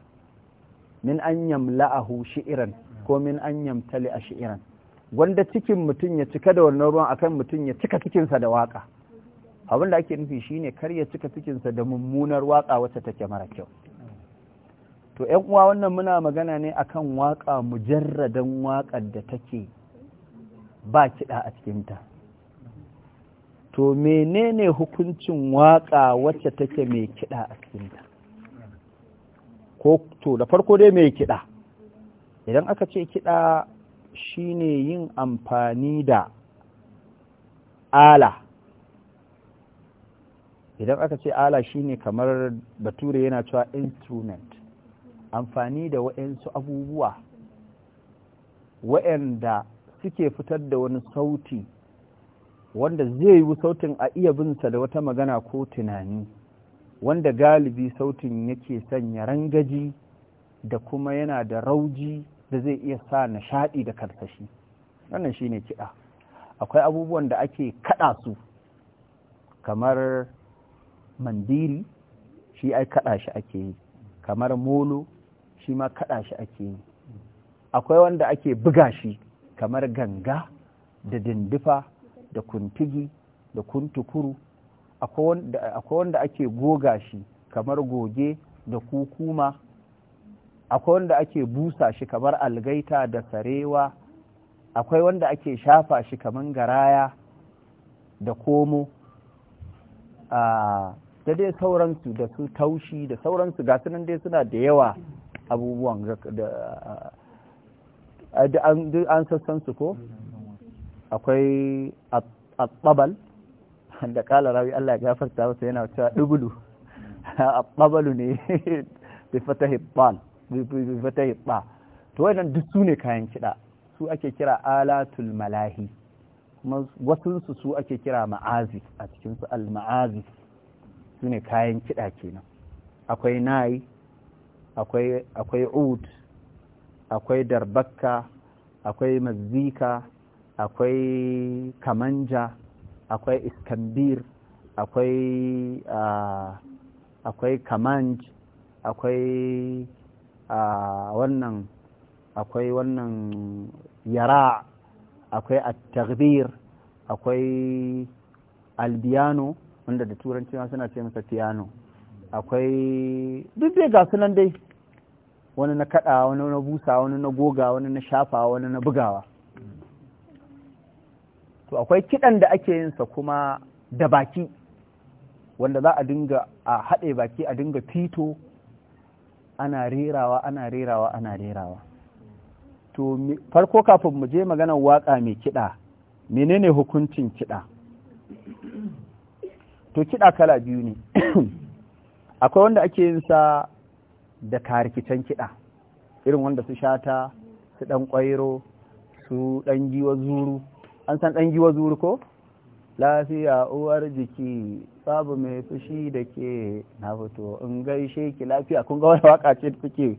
min an a shi'ran ko min an a shi'ran wanda cikin mutum ya cika da wannan ruwan akan mutum ya cika cikinsa da waƙa. abin da ake nufi shine kar ya cika cikinsa da mummunar waƙa wacce take mara kyau to yan uwa wannan muna magana ne akan waƙa mujarradan waƙar da take ba kiɗa a cikinta to menene hukuncin waƙa wacce take mai kiɗa a cikinta ko to da farko dai mai kiɗa idan aka ce kiɗa shine yin amfani da ala idan aka ce ala shine kamar bature yana cewa instrument amfani da waɗansu abubuwa waɗanda suke fitar da wani sauti wanda zai yi sautin a iya binsa da wata magana ko tunani wanda galibi sautin yake sanya rangaji da kuma yana da rauji da zai iya sa nishaɗi da karsashi wannan shine kiɗa akwai abubuwan da ake kaɗa su kamar mandiri shi ai kaɗa shi ake yi kamar molo shi ma kaɗa shi ake yi akwai wanda ake buga shi kamar ganga da dindifa da kuntigi da kuntukuru akwai wanda ake goga shi kamar goge da kukuma akwai wanda ake busa shi kamar algaita da sarewa akwai wanda ake shafa shi kamar garaya da komo da dai sauransu da su taushi da sauransu ga sunan dai suna da yawa abubuwan da an sassan su ko akwai abbabal da kala rawi Allah ya gafarta wasu yana cewa dubulu abbabalu ne bi fata bal to nan duk su ne kayan kiɗa su ake kira alatul malahi kuma wasunsu su ake kira ma'azif a cikinsu al-ma'azif su ne kayan kiɗa kenan akwai nai akwai ud akwai darbakka akwai mazika akwai kamanja akwai iskambir akwai akwai kamanj akwai wannan akwai wannan yara akwai attagbir akwai albiyano wanda da turanci ma suna ce masa piano akwai duk dai ga sunan dai wani na kada wani na busa wani na goga wani na shafa wani na bugawa to akwai kiɗan da ake yin sa kuma da baki wanda za a dinga a haɗe baki a dinga fito ana rerawa ana rerawa ana rerawa to farko kafin mu je maganar waƙa mai kiɗa menene hukuncin kiɗa to kiɗa kala biyu ne akwai wanda ake yin sa da karikitan kiɗa irin wanda su shata su ɗan ƙwairo su ɗan giwa zuru an san ɗan giwa zuri ko lafiya uwar jiki babu mai fushi da ke na fito in gaishe ki lafiya kun ga waka ce da kuke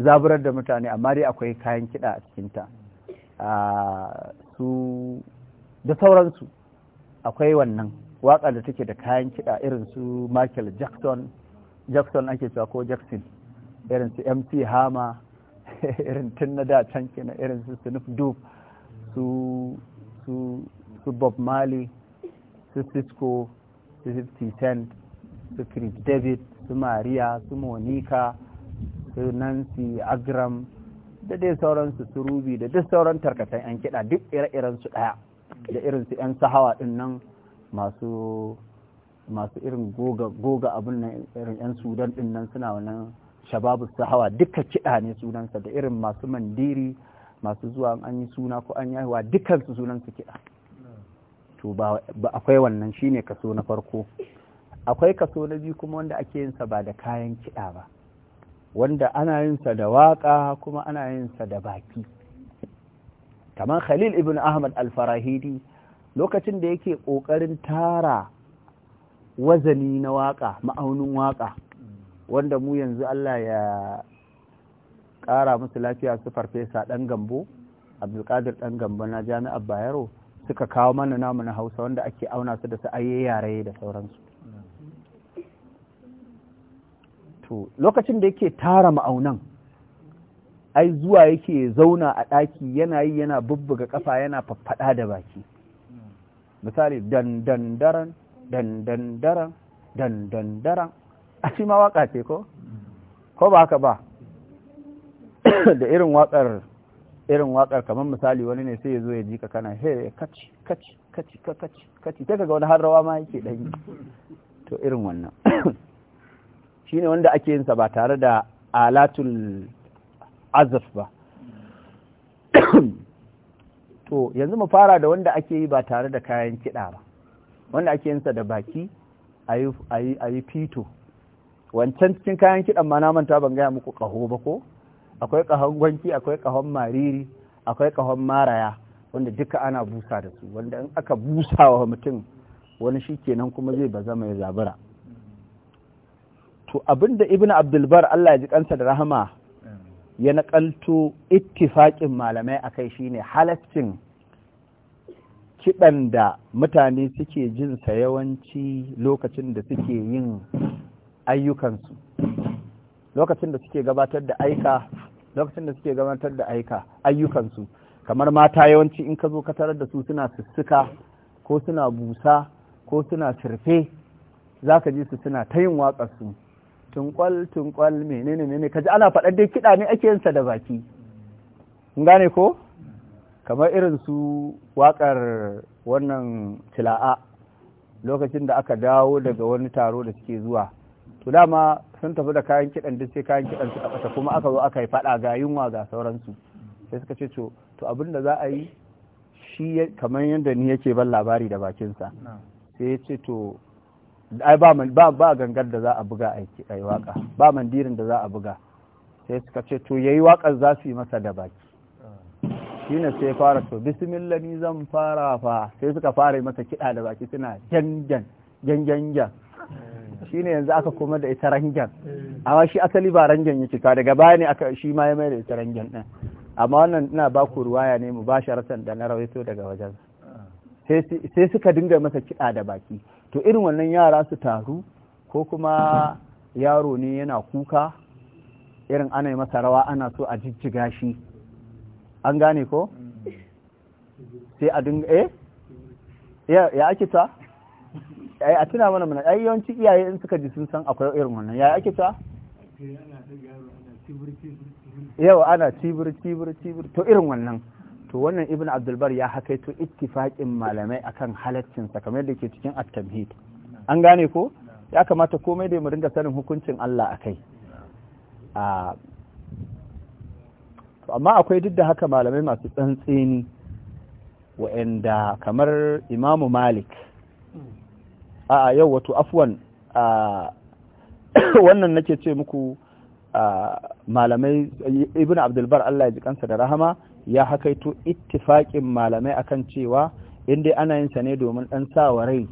zaburar da mutane amma dai akwai kayan kiɗa a cikinta su da sauransu akwai wannan waka da take da kayan kiɗa irin su michael jackson jackson ake cewa ko jackson irin su mc hama irin tun na da can irin su snoop dogg su su su bob marley su cisco su 50 cent su chris david su maria su monica su nancy agram da dai sauransu su rubi da duk sauran tarkatan 'yan kiɗa duk ire-iren su ɗaya da irin su 'yan sahawa ɗin nan masu masu irin goga abin nan irin 'yan sudan ɗin nan suna wannan shababu sahawa duka kiɗa ne sunansa da irin masu mandiri masu zuwa an yi suna ko an yahiwa dukansu sunansu kiɗa to ba akwai wannan shine kaso na farko akwai kaso na biyu kuma wanda ake yin sa ba da kayan kiɗa ba wanda ana yin sa da waka kuma ana yin sa da baki kamar Khalil ibn Ahmad al-Farahidi lokacin da yake kokarin tara wazani na waka ma'aunin waka wanda mu yanzu Allah ya ƙara musu lafiya su farfesa ɗan gambo abdulkadir ɗan gambo na jami'ar bayero suka kawo mana namu na hausa wanda ake auna su da su aye yare da sauransu to lokacin da yake tara ma'aunan ai zuwa yake zauna a ɗaki yana yi yana bubbuga kafa yana faffaɗa da baki misali dandandaran dandandaran dandandaran a shi waka ce ko ko ba haka ba da irin waƙar irin waƙar kamar misali wani ne sai ya zo ya ji ka kana he kaci kaci kaci kaci kaci sai kaga wani har rawa ma yake ɗanyi to irin wannan Shi ne wanda ake yinsa ba tare da alatul azaf ba to yanzu mu fara da wanda ake yi ba tare da kayan kiɗa ba wanda ake yinsa da baki a yi fito wancan cikin kayan kiɗan ma na manta ban gaya muku ƙaho ba ko akwai kahon gwanki akwai kahon mariri akwai kahon maraya wanda duka ana busa da su wanda in aka busa wa mutum wani shi kenan kuma zai baza ya zabura to abinda ibn abdulbar Allah ya ji kansa da rahama ya nakalto ittifaƙin malamai a akai shine halaccin kiɗan da mutane suke jin sa yawanci lokacin da suke yin ayyukansu lokacin da suke gabatar da aika lokacin da suke gabatar da aika ayyukansu kamar mata yawanci in ka zo ka tarar da su suna sussuka ko suna busa ko suna sirfe za ka ji su suna ta yin waƙarsu tunkwal tunkwal menene ne? ka ji ana faɗar dai kiɗa ne ake yinsa da baki gane ko kamar irin su waƙar wannan tila'a lokacin da aka dawo daga wani taro da suke zuwa to dama sun tafi da kayan kiɗan duk sai kayan kiɗan suka ɓata kuma aka zo aka yi faɗa ga yunwa ga sauransu sai suka ce to to abin da za a yi shi kamar yadda ni yake ban labari da bakinsa sai ya ce to ai ba ba gangar da za a buga a yi waka ba mandirin da za a buga sai suka ce to yayi wakar za su yi masa da baki shi ne sai fara to bismillah ni zan fara fa sai suka fara yi masa kiɗa da baki suna janjan janjan shine yanzu aka koma da ita rangen amma shi asali ba rangen yake ka daga baya ne aka shi ma ya mai da ita rangen din amma wannan ina ba ku ruwaya ne mu basharatan da na rawaito daga wajen sai suka dinga masa kiɗa da baki to irin wannan yara su taru ko kuma yaro ne yana kuka irin ana yi masa rawa ana so a jijjiga shi an gane ko sai a dinga eh ya ake ta ai a tuna mana mana ai yawanci iyaye in suka ji sun san akwai irin wannan ya ake ta yau ana cibir cibir cibir to irin wannan to wannan ibn abdulbar ya to ittifaqin malamai akan halaccin sa kamar da ke cikin at-tamhid an gane ko ya kamata komai da mu ringa sanin hukuncin Allah akai a to amma akwai duk da haka malamai masu tsantseni wa'anda kamar imamu malik a yau wato afwan wannan nake ce muku malamai ibn abdulbar Allah ya ji kansa da rahama ya hakaito ittifaqin malamai akan cewa inda ana yin sa ne domin dan sawa rai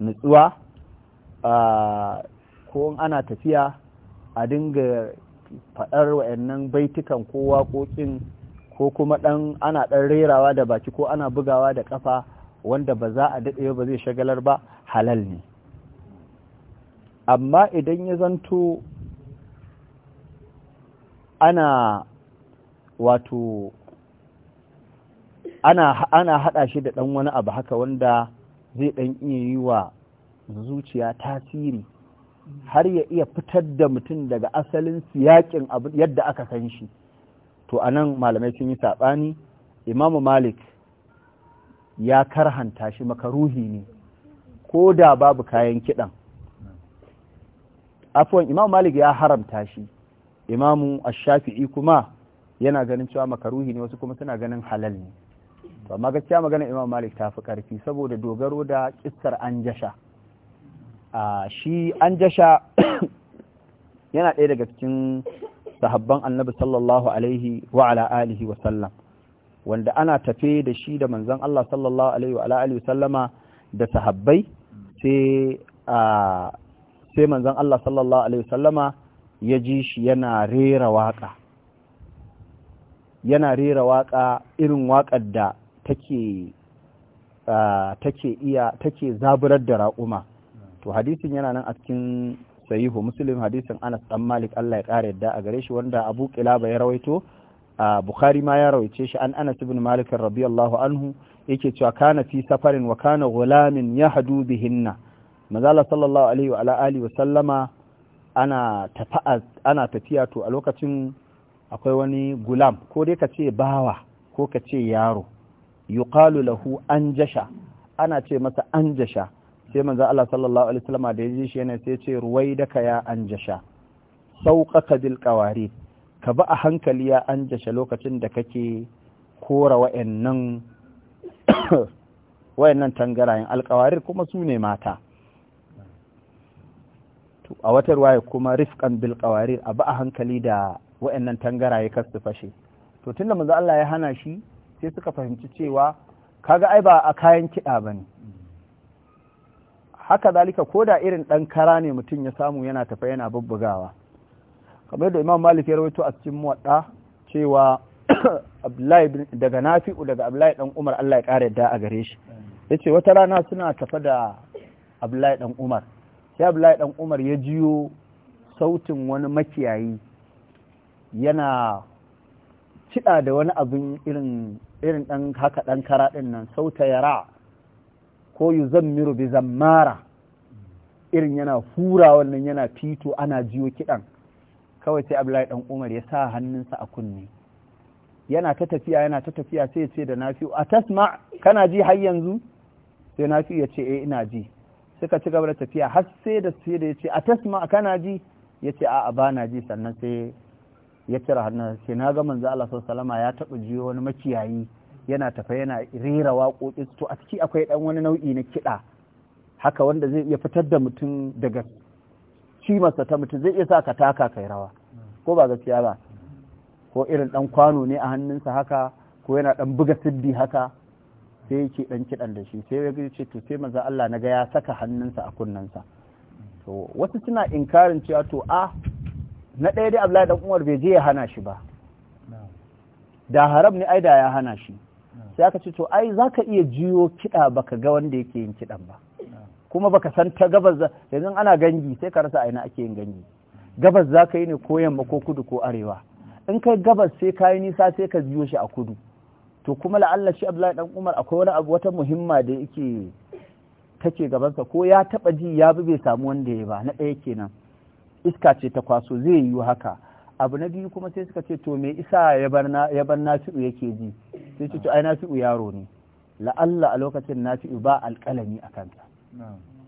nutsuwa ko ana tafiya a dinga faɗar wa'annan baitukan ko waƙoƙin ko kuma ɗan ana ɗan rerawa da baki ko ana bugawa da ƙafa wanda ba za a daɗe ba zai shagalar ba halal ne amma idan ya zanto ana wato ana haɗa shi da ɗan wani abu haka wanda zai ɗan iya yi wa zuciya tasiri har ya iya fitar da mutum daga asalin siyakin yadda aka san shi to anan malamai sun yi saɓani imamu malik ya karhanta shi ruhi ne ko da babu kayan kiɗan afuwan imam malik ya haramta shi imamu ashafi'i kuma yana ganin cewa makaruhi ne wasu kuma suna ganin halal ne to amma gaskiya maganin imam malik ta fi ƙarfi saboda dogaro da kissar anjasha a shi anjasha yana ɗaya daga cikin sahabban annabi sallallahu alaihi wa alihi wa sallam wanda ana tafe da shi da manzon Allah sallallahu alaihi wa alihi sallama da sahabbai sai a sai Allah sallallahu alaihi sallama ya ji shi yana rera waka yana rera waka irin waƙar da take take iya take zaburar da raƙuma to hadisin yana nan a cikin sahihu muslim hadisin Anas dan Malik Allah ya kare yadda a gare shi wanda Abu Qilaba ya rawaito bukhari ma ya rawaice shi an anas ibn malik radiyallahu anhu yake cewa kana fi safarin wa kana ya yahdu bihinna mazala sallallahu alaihi wa alihi wa sallama ana ana tafiya to a lokacin akwai wani gulam ko dai ka ce bawa ko ka yaro yuqalu lahu anjasha ana ce masa anjasha sai manzo Allah sallallahu alaihi wa sallama da yaji shi yana sai ce ruwaidaka ya anjasha sauqaka bil qawarib ka ba a hankali ya an jashe lokacin da kake kora wa'annan wayannan tangarayen alkawarir kuma su ne mata a wata ruwaya kuma rifkan bilkawarir a ba a hankali da wayannan tangaraye kar su fashe to tunda Maza Allah ya hana shi sai suka fahimci cewa kaga ai ba a kayan kiɗa ba ne. haka zalika da irin ɗan kara ne mutum ya samu yana tafa yana bugawa. kamar da imam malik ya rawaito a cikin muwadda cewa abdullahi daga nafi'u daga abdullahi dan umar Allah ya kare yadda a gare shi yace wata rana suna tafa da abdullahi dan umar sai abdullahi dan umar ya jiyo sautin wani makiyayi yana kiɗa da wani abin irin irin ɗan haka ɗan kara din nan sauta yara ko yi bi zammara irin yana hura wannan yana fito ana jiyo kiɗan kawai sai abdullahi dan umar ya sa hannunsa a kunne yana ta tafiya yana ta tafiya sai ya ce da nafi a tasma kana ji har yanzu sai nafi ya ce eh ina ji suka ci gaba da tafiya har sai da sai da ya ce a tasma kana ji ya ce a'a ba na ji sannan sai ya cire hannun sai na ga manzo Allah sallallahu ya taɓa ji wani makiyayi yana tafa yana rera waƙoƙi to a ciki akwai dan wani nau'i na kiɗa haka wanda zai iya fitar da mutum daga kimarsa ta mutum zai iya sa ka taka kai rawa ko ba gaskiya ba ko irin dan kwano ne a hannunsa haka ko yana dan buga siddi haka sai yake dan kiɗan da shi sai ya ce to sai maza Allah na ga ya saka hannunsa a kunnen to wasu suna inkarin cewa to a na ɗaya dai Abdullahi dan Umar bai je ya hana shi ba da haram ne ai da ya hana shi sai aka ce to ai zaka iya jiyo kiɗa baka ga wanda yake yin kiɗan ba kuma baka san ta gabas yanzu ana gangi sai ka rasa aina ake yin gangi gabas za ka yi ne ko yamma ko kudu ko arewa in kai gabas sai ka yi nisa sai ka biyo shi a kudu to kuma la'alla shi Abdullahi dan Umar akwai wani abu wata muhimma da yake take gabansa ko ya taba ji ya bi bai samu wanda ya ba na ɗaya kenan iska ce ta kwaso zai yi haka abu na biyu kuma sai suka ce to me isa ya bar na ya yake ji sai ce to ai Nasiru yaro ne la'alla a lokacin nafi'u ba alƙalami a kansa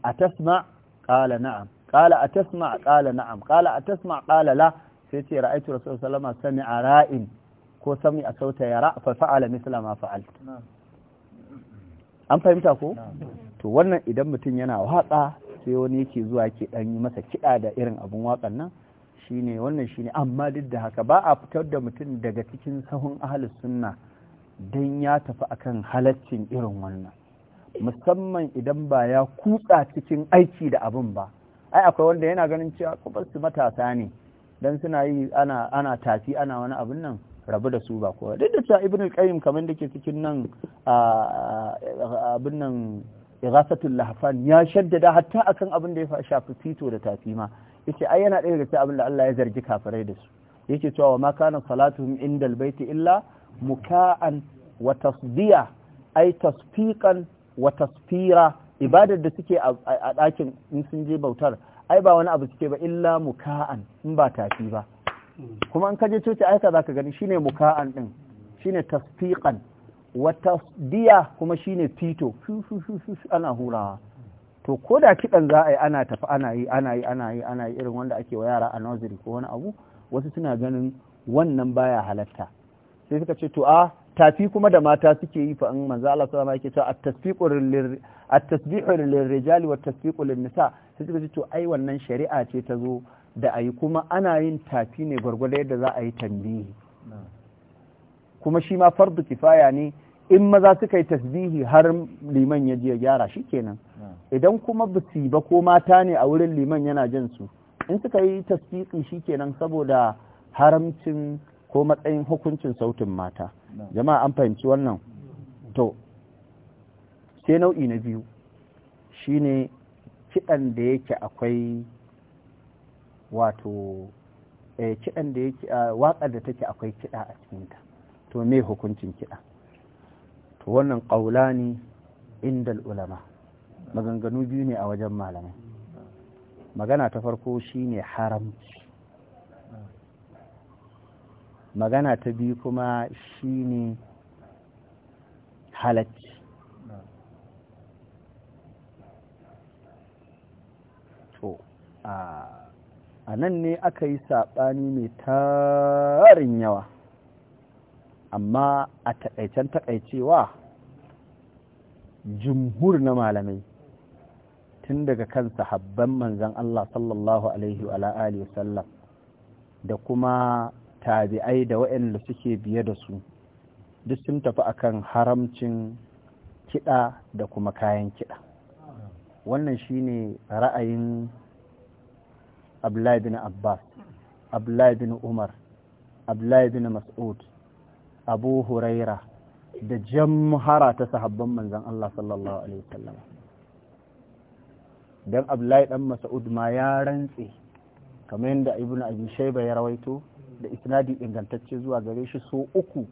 a tasma ƙala na'am ƙala a tasma ƙala na'am ƙala a tasma ƙala la sai ce ra'aitu rasulullah sallama sami a ra'in ko sami a sauta yara fa fa'ala misla ma fa'al an fahimta ko to wannan idan mutum yana watsa sai wani yake zuwa yake dan yi masa kiɗa da irin abun waƙan nan shine wannan shine amma duk da haka ba a fitar da mutum daga cikin sahun ahlus sunna dan ya tafi akan halaccin irin wannan musamman idan ba ya kutsa cikin aiki da abin ba ai akwai wanda yana ganin cewa kubar su matasa ne dan suna yi ana ana tafi ana wani abin nan rabu da su ba kowa duk da cewa ibn qayyim kamar da ke cikin nan abin nan igasatul lahfan ya shaddada hatta akan abin da ya shafi fito da tafi ma yace ai yana ɗaya daga cikin abin da Allah ya zargi kafirai da su yake cewa wa ma kana salatuhum indal baiti illa muka'an wa tasdiya ai tasfiqan wa tasfira ibadar da suke a ɗakin in sun je bautar ai ba wani abu suke ba illa muka'an in ba tafi ba kuma in kaje coci aika ka gani shine muka'an din shine tasfiƙan. Wata biya kuma shine fito ana hurawa to ko da kiɗan za a yi ana tafi ana yi ana yi ana yi ana yi irin wanda ake wa yara a nursery ko wani abu wasu suna ganin wannan baya halatta sai suka ce to a tafi kuma da mata suke yi fa in manzo Allah sallama yake cewa at-tasbiqu lil wa at lin-nisa sai to ai wannan shari'a ce ta zo da ayi kuma ana yin tafi ne gurgurda yadda za a yi tambihi kuma shi ma fardu kifaya ne in maza suka yi tasbihi har liman ya je ya gyara kenan idan kuma bisi ba ko mata ne a wurin liman yana jan su in suka yi shi kenan saboda haramcin ko matsayin hukuncin sautin mata jama'a an fahimci wannan to sai nau'i na biyu shine kiɗan da yake akwai wato eh, kiɗan da yake ah, waƙar da take akwai kiɗa a cikinta to me hukuncin kiɗa to wannan ƙaula ƙaulani inda ulama maganganu biyu ne a wajen malamai magana ta farko shine haramci magana ta biyu kuma shine halacci to a nan ne aka yi saɓani mai tarin yawa amma a taƙaicen taƙaicewa jumhur na malamai tun daga kan sahabban manzan Allah sallallahu Alaihi wa sallam da kuma tabi'ai da waɗanda suke biye da su duk sun tafi akan haramcin kiɗa da kuma kayan kiɗa wannan shine ra'ayin abdullahi bin abbas abdullahi bin umar abdullahi bin mas'ud abu huraira da jamhara ta sahabban manzan Allah sallallahu alaihi wasallam dan abdullahi dan mas'ud ma ya rantse kamar yadda Ibn abi shayba ya rawaito da isnadi ingantacce zuwa gare shi so uku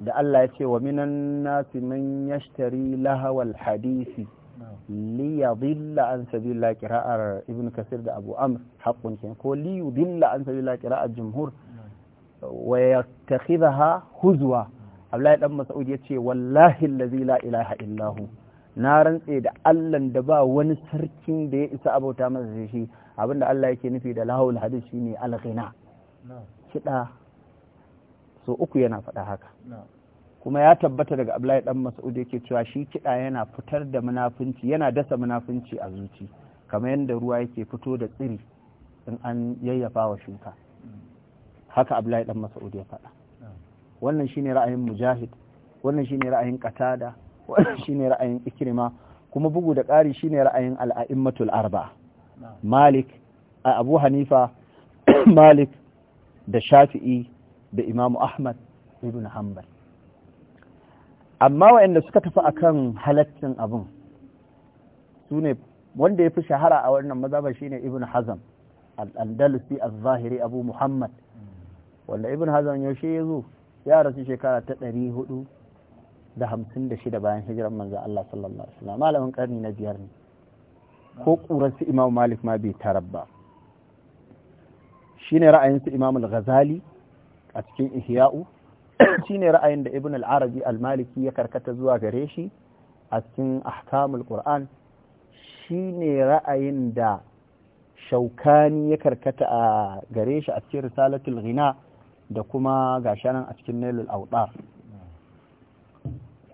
da Allah ya ce wa minan nasi man yashtari lahawal hadisi li yadilla an sabila qira'ar ibn kasir da abu amr haqqun kin ko li yudilla an sabila qira'ar jumhur wa yattakhidha huzwa Allah dan Mas'ud yace wallahi allazi la ilaha hu na rantse da Allah da ba wani sarkin da ya isa abauta masa shi abinda Allah yake nufi da lahawul hadis shine al-ghina kiɗa so uku yana faɗa haka kuma ya tabbata daga ablai dan Mas'ud yake cewa shi kiɗa yana fitar da munafunci yana dasa munafunci a zuci kamar yadda ruwa yake fito da tsiri in an yayyafa wa shuka haka ablai ɗan Mas'ud ya faɗa wannan shine ra'ayin Mujahid wannan shine ra'ayin Qatada wannan shine ra'ayin Ikrima kuma bugu da ƙari shine ra'ayin al-a'immatul arba Malik Abu Hanifa Malik da shafi'i da imamu ahmad ibn hanbal amma waɗanda suka tafi akan halaccin abin su wanda ya fi shahara a wannan mazaba shine ibn hazam al-andalusi al-zahiri abu muhammad wanda ibn hazam yaushe ya zo ya rasu shekara ta ɗari hudu da hamsin da shida bayan hijirar manzan Allah sallallahu Alaihi wasallam malamin karni na biyar ne ko ƙurar su imam malik ma bai tarar ba shine ra'ayin su Imam al-Ghazali a cikin Ihya'u shine ra'ayin da Ibn al-Arabi al-Maliki ya karkata zuwa gare shi a cikin Ahkamul Qur'an shine ra'ayin da Shaukani ya karkata a gare shi a cikin Risalatul Ghina da kuma gashanan a cikin Nailul Awdar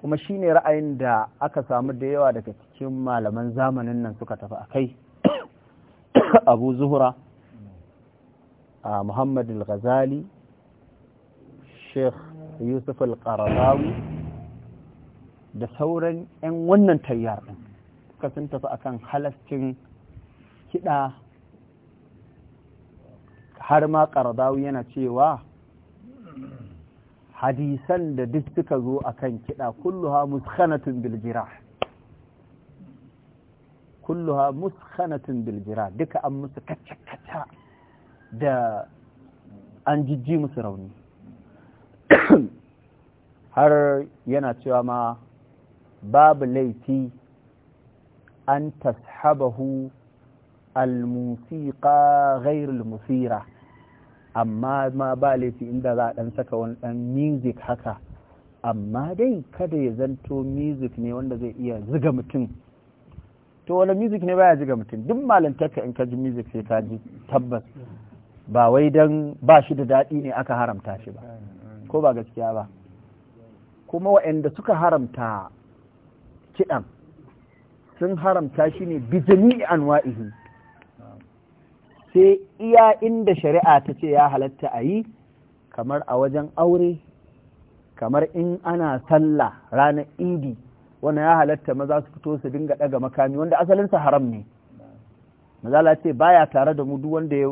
kuma shine ra'ayin da aka samu da yawa daga cikin malaman zamanin nan suka tafi a kai Abu Zuhura محمد al-ghazali sheikh yusuf al-qaradawi da sauran 'yan wannan tayyar ɗin suka sun tafi akan halascin kiɗa har ma ƙaradawi yana cewa hadisan da duk suka zo akan kiɗa kulluha muskhanatun biljira kulluha muskhanatun biljira duka an musu kacce-kacce da an jijji musu rauni har yana cewa ma babu laifi an tashabahu al-musiqa musira amma ma ba laifi inda za a ɗan saka wani ɗan music haka amma dai kada ya zanto music ne wanda zai iya ziga mutum to wani music ne baya ziga mutum duk malantarka in ka ji music sai ka ji tabbas ba wai don ba shi da daɗi ne aka haramta shi ba ko ba gaskiya ba kuma waɗanda suka haramta kiɗan sun haramta shi ne bijini anwa'ihi sai iya inda shari'a ta ce ya halatta a yi kamar a wajen aure kamar in ana sallah ranar idi wanda ya halatta maza su fito su dinga ɗaga makami wanda asalinsa haram ne mazala ce baya tare da mu duk wanda ya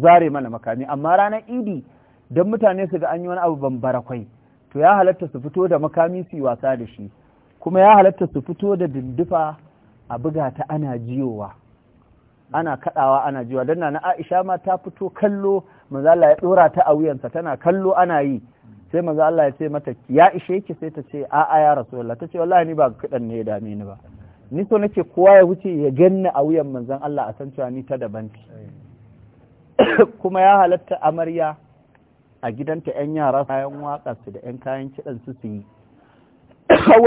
zare mana makami amma ranar idi don mutane su ga an yi wani abu bambara kwai to ya halatta su fito da makami su yi wasa da shi kuma ya halatta su fito da dindufa a buga ta ana jiyowa ana kadawa ana jiwa don na Aisha ma ta fito kallo Maza Allah ya dora ta a wuyansa tana kallo ana yi sai Maza Allah ya ce mata ya ishe ki sai ta ce a'a ya rasulullah ta ce wallahi ni ba kidan ne ya dame ni ba ni so nake kowa ya wuce ya ganna a wuyan manzon Allah a san cewa ni ta daban ce kuma ya halatta amarya a gidanta yan yara kayan waka su da yan kayan kidan su su yi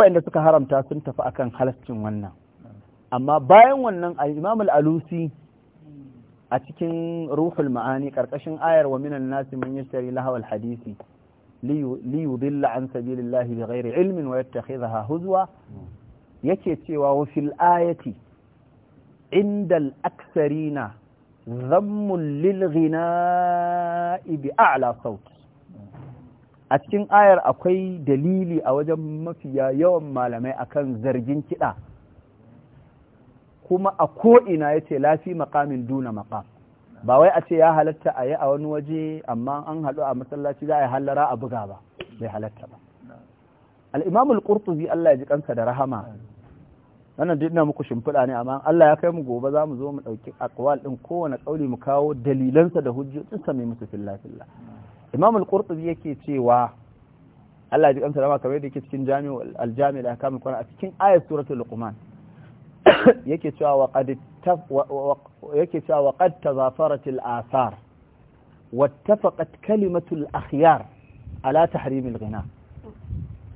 inda suka haramta sun tafi akan halaccin wannan amma bayan wannan Imam al-Alusi a cikin ruhul ma'ani karkashin ayar wa minan nasi man yashtari lahawal hadisi li yudilla an sabilillahi bighairi ilmin wa yattakhidha huzwa yake cewa wa fil ayati indal aksarina zammun lil ghina'i bi a'la saut a cikin ayar akwai dalili a wajen mafiya yawan malamai akan zargin kiɗa kuma a ko ina yace lafi makamin duna makam ba wai a ce ya halatta a yi a wani waje amma an haɗu a masallaci za a yi hallara a buga ba bai halatta ba al'imamul zai Allah ya ji kansa da rahama wannan duk ina muku shimfiɗa ne amma Allah ya kai mu gobe za mu zo mu ɗauki akwal ɗin kowane ƙauli mu kawo dalilansa da hujjojinsa mai musu filla filla imam al-qurtubi yake cewa Allah ya ji kamsa kamar da yake cikin jami'u al-jami' da kamar a cikin ayat suratul luqman yake cewa wa qad yake cewa wa qad tazafarat al-athar wattafaqat kalimatu al-akhyar ala tahrim al-ghina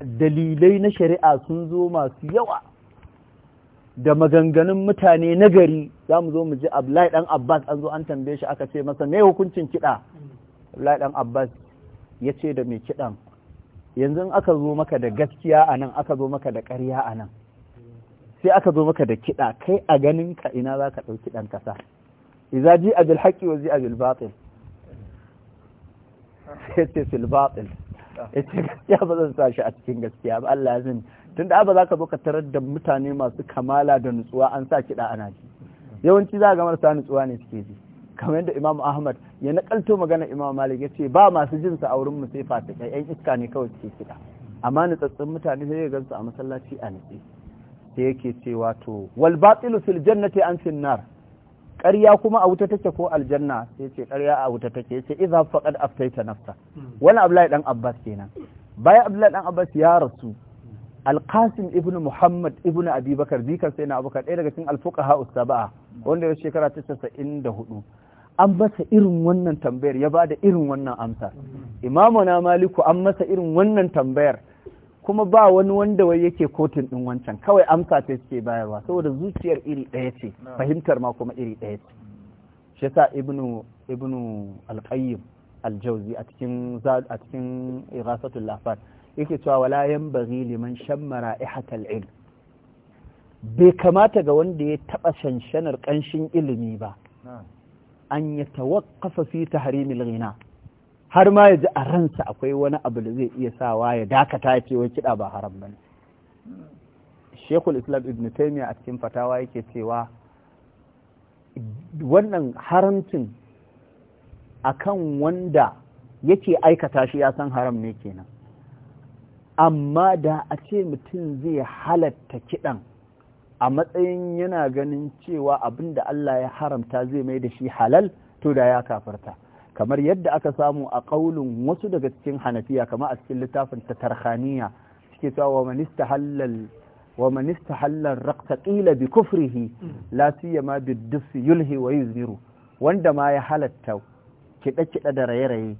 dalilai na shari'a sun zo masu yawa da maganganun mutane nagari za mu zo mu ji Abdullahi dan Abbas an zo an tambaye shi aka ce masa me hukuncin kiɗa Abdullahi dan Abbas ya ce da mai kiɗan yanzu aka zo maka da gaskiya a nan aka zo maka da ƙarya a nan sai aka zo maka da kiɗa kai a ganin ka ina za ka ɗauki ɗan ƙasa iza ji a bil wa ji a Bilbaɗin? batil sai ce fil batil ya gaskiya ba zan sa shi a cikin gaskiya ba Allah ya sani tunda ba za ka zo ka tarar da mutane masu kamala da nutsuwa an sa kiɗa a ji yawanci za ga marasa nutsuwa ne suke ji kamar yadda Imam Ahmad ya nakalto magana Imam Malik ya ce ba masu jin sa a wurin mu sai fasikai iska ne kawai suke kiɗa amma nutsatsun mutane sai ya gansu a masallaci a nutse sai yake cewa to wal batilu fil jannati an fil nar ƙarya kuma a wuta take ko aljanna sai ce ƙarya a wuta take yace idza faqad aftaita nafsa hmm. wani Abdullahi dan Abbas kenan bayan Abdullahi dan Abbas ya rasu alkasim ibn muhammad ibn abubakar zikar sai na abubakar ɗaya daga cikin alfuqaha usaba'a wanda ya shekara ta casa'in da hudu an masa irin wannan tambayar ya bada irin wannan amsa imamuna maliku an masa irin wannan tambayar kuma ba wani wanda wai yake kotun din wancan kawai amsa ta suke bayarwa saboda zuciyar iri ɗaya ce fahimtar ma kuma iri ɗaya ce shi yasa ibnu ibnu alqayyim aljawzi a cikin a cikin irasatul lafat yake cewa wala bari liman shamma ra'ihatal ilm bai kamata ga wanda ya taba shanshanar kanshin ilimi ba an ya tawakkafa fi tahrimil ghina har ma ya ji a ransa akwai wani abu da zai iya sawa ya dakata ya ce wai kida ba haram bane Shekul Islam Ibn Taymiyyah a cikin fatawa yake cewa wannan haramcin akan wanda yake aikata shi ya san haram ne kenan amma da a ce mutum zai halatta kiɗan a matsayin yana ganin cewa abin da Allah ya haramta zai mai da shi halal to da ya kafarta kamar yadda aka samu a ƙaulin wasu daga cikin hanafiya kamar a cikin littafin ta tarhaniya suke cewa wa manista halal wa manista bi kufrihi la siyama bi duff yulhi wa yuzhiru wanda ma ya halatta kiɗe-kiɗe da raye-raye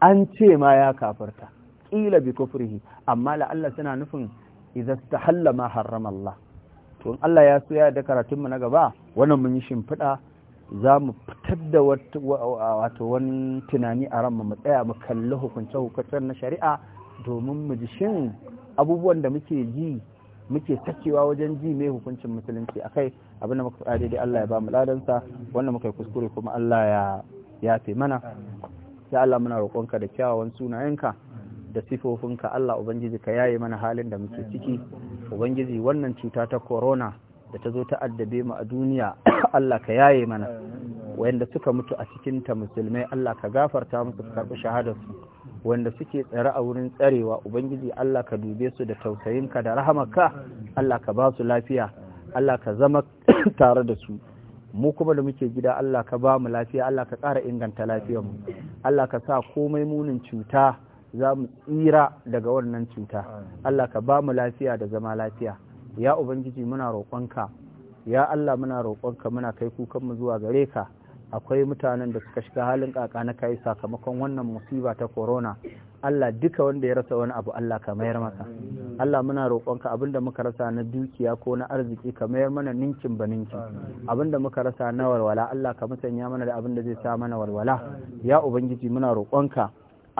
an ce ma ya kafarta qila bi kufrihi amma la Allah suna nufin idza tahalla ma harrama Allah to Allah ya so ya da karatun mu na gaba wannan mun yi shimfiɗa za mu fitar da wato wani tunani a ran mu mu tsaya mu kalli hukunce hukuncen na shari'a domin mu ji shin abubuwan da muke ji muke sakewa wajen ji mai hukuncin musulunci akai abin da muka faɗa daidai Allah ya ba mu ladansa wannan muka yi kuskure kuma Allah ya yafe mana ya Allah muna roƙonka da kyawawan sunayenka da sifofinka Allah Ubangiji ka yaye mana halin da muke ciki Ubangiji wannan cuta ta corona da ta zo ta addabe mu a duniya Allah ka yaye mana wayanda suka mutu a cikin ta musulmai Allah ka gafarta musu ka karɓi shahadarsu wanda suke tsare a wurin tsarewa Ubangiji Allah ka dube su da tausayinka da rahamarka Allah ka ba su lafiya Allah ka zama tare da su mu kuma da muke gida Allah ka ba mu lafiya Allah ka ƙara inganta lafiyar mu Allah ka sa komai munin cuta za mu tsira daga wannan cuta Allah ka ba mu lafiya da zama lafiya ya ubangiji muna roƙonka ya Allah muna roƙonka muna kai kukanmu zuwa gare ka akwai mutanen da suka shiga halin kaka na kai sakamakon wannan musiba ta corona Allah duka wanda ya rasa wani abu Allah ka mayar masa Allah muna roƙonka abinda muka rasa na dukiya ko na arziki ka mayar mana ninkin ba ninkin abinda muka rasa na walwala Allah ka musanya mana da abinda zai sa mana walwala ya ubangiji muna roƙonka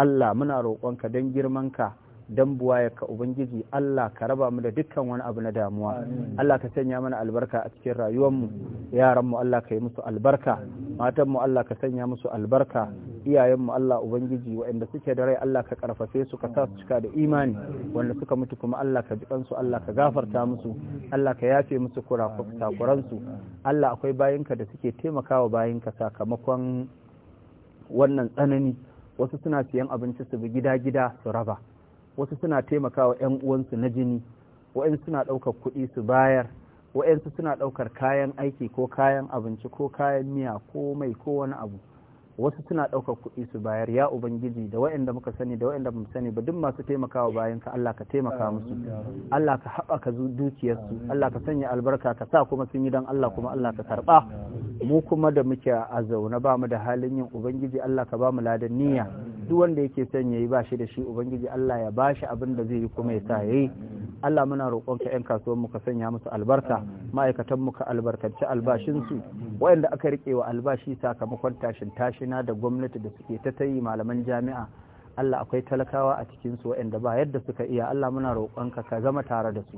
Allah muna roƙonka don girmanka don buwayarka Ubangiji Allah ka raba mu da dukkan wani abu na damuwa Allah ka sanya mana albarka a cikin rayuwarmu yaranmu Allah ka yi musu albarka matanmu Allah ka sanya musu albarka iyayenmu Allah Ubangiji waɗanda suke da rai Allah ka karfafe su ka sa su cika da imani wanda suka mutu kuma Allah ka ji kansu Allah ka gafarta musu Allah ka yafe musu kurakuransu Allah akwai bayinka da suke taimakawa bayinka sakamakon wannan tsanani wasu suna siyan abinci su bi gida-gida su raba wasu suna taimakawa 'yan uwansu na jini wa'yansu suna ɗaukar kuɗi su bayar wa'yansu suna ɗaukar kayan aiki ko kayan abinci ko kayan miya ko mai ko wani abu wasu suna ɗaukar kuɗi su bayar ya ubangiji da waɗanda muka sani da waɗanda mu sani ba duk masu taimakawa bayan ka Allah ka taimaka musu Allah ka haɓaka dukiyarsu Allah ka sanya albarka ka sa kuma sun yi don Allah kuma Allah ka karɓa mu kuma da muke a zaune ba mu da halin yin ubangiji Allah ka ba mu ladan niyya duk wanda yake son yayi ba shi da shi ubangiji Allah ya bashi abin da zai yi kuma ya sa yayi Allah muna roƙonka 'yan kasuwanmu ka sanya musu albarka ma'aikatanmu ka albarkaci albashinsu waɗanda aka riƙe wa albashi sakamakon tashin tashina da gwamnati da suke ta tayi malaman jami'a Allah akwai talakawa a cikin su waɗanda ba yadda suka iya Allah muna roƙonka ka zama tare da su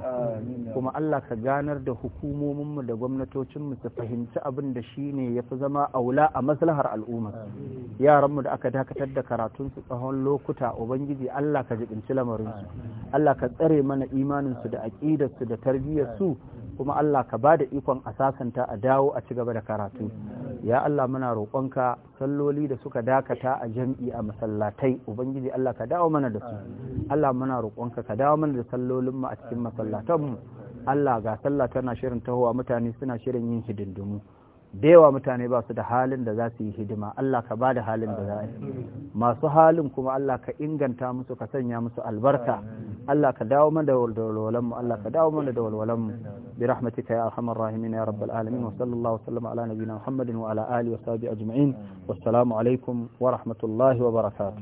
kuma Allah ka ganar da hukumomin mu da gwamnatocinmu su fahimci abin da shi ne ya fi zama aula a maslahar al'umma yaran mu da aka dakatar da karatun su tsawon lokuta ubangiji Allah ka jibinci lamarin su Allah ka tsare mana imanin su da aqidar su da tarbiyyar su kuma Allah ka ba da ikon a sasanta a dawo a ci gaba da karatu ya Allah muna roƙonka salloli da suka dakata a jam'i a masallatai ubangiji Allah ka dawo mana da su Allah muna roƙonka ka dawo mana da sallolin mu a cikin masallatan mu Allah ga sallah tana shirin tahowa mutane suna shirin yin hidindimu da yawa mutane ba su da halin da za su yi hidima Allah ka ba da halin da za yi masu halin kuma Allah ka inganta musu ka sanya musu albarka Allah ka dawo mana da walwalan mu Allah ka dawo mana da walwalan mu bi rahmatika ya arhamar rahimin ya rabbal alamin wa sallallahu sallama ala nabiyina muhammadin wa ala alihi wa sahbihi ajma'in wassalamu alaikum wa rahmatullahi wa barakatuh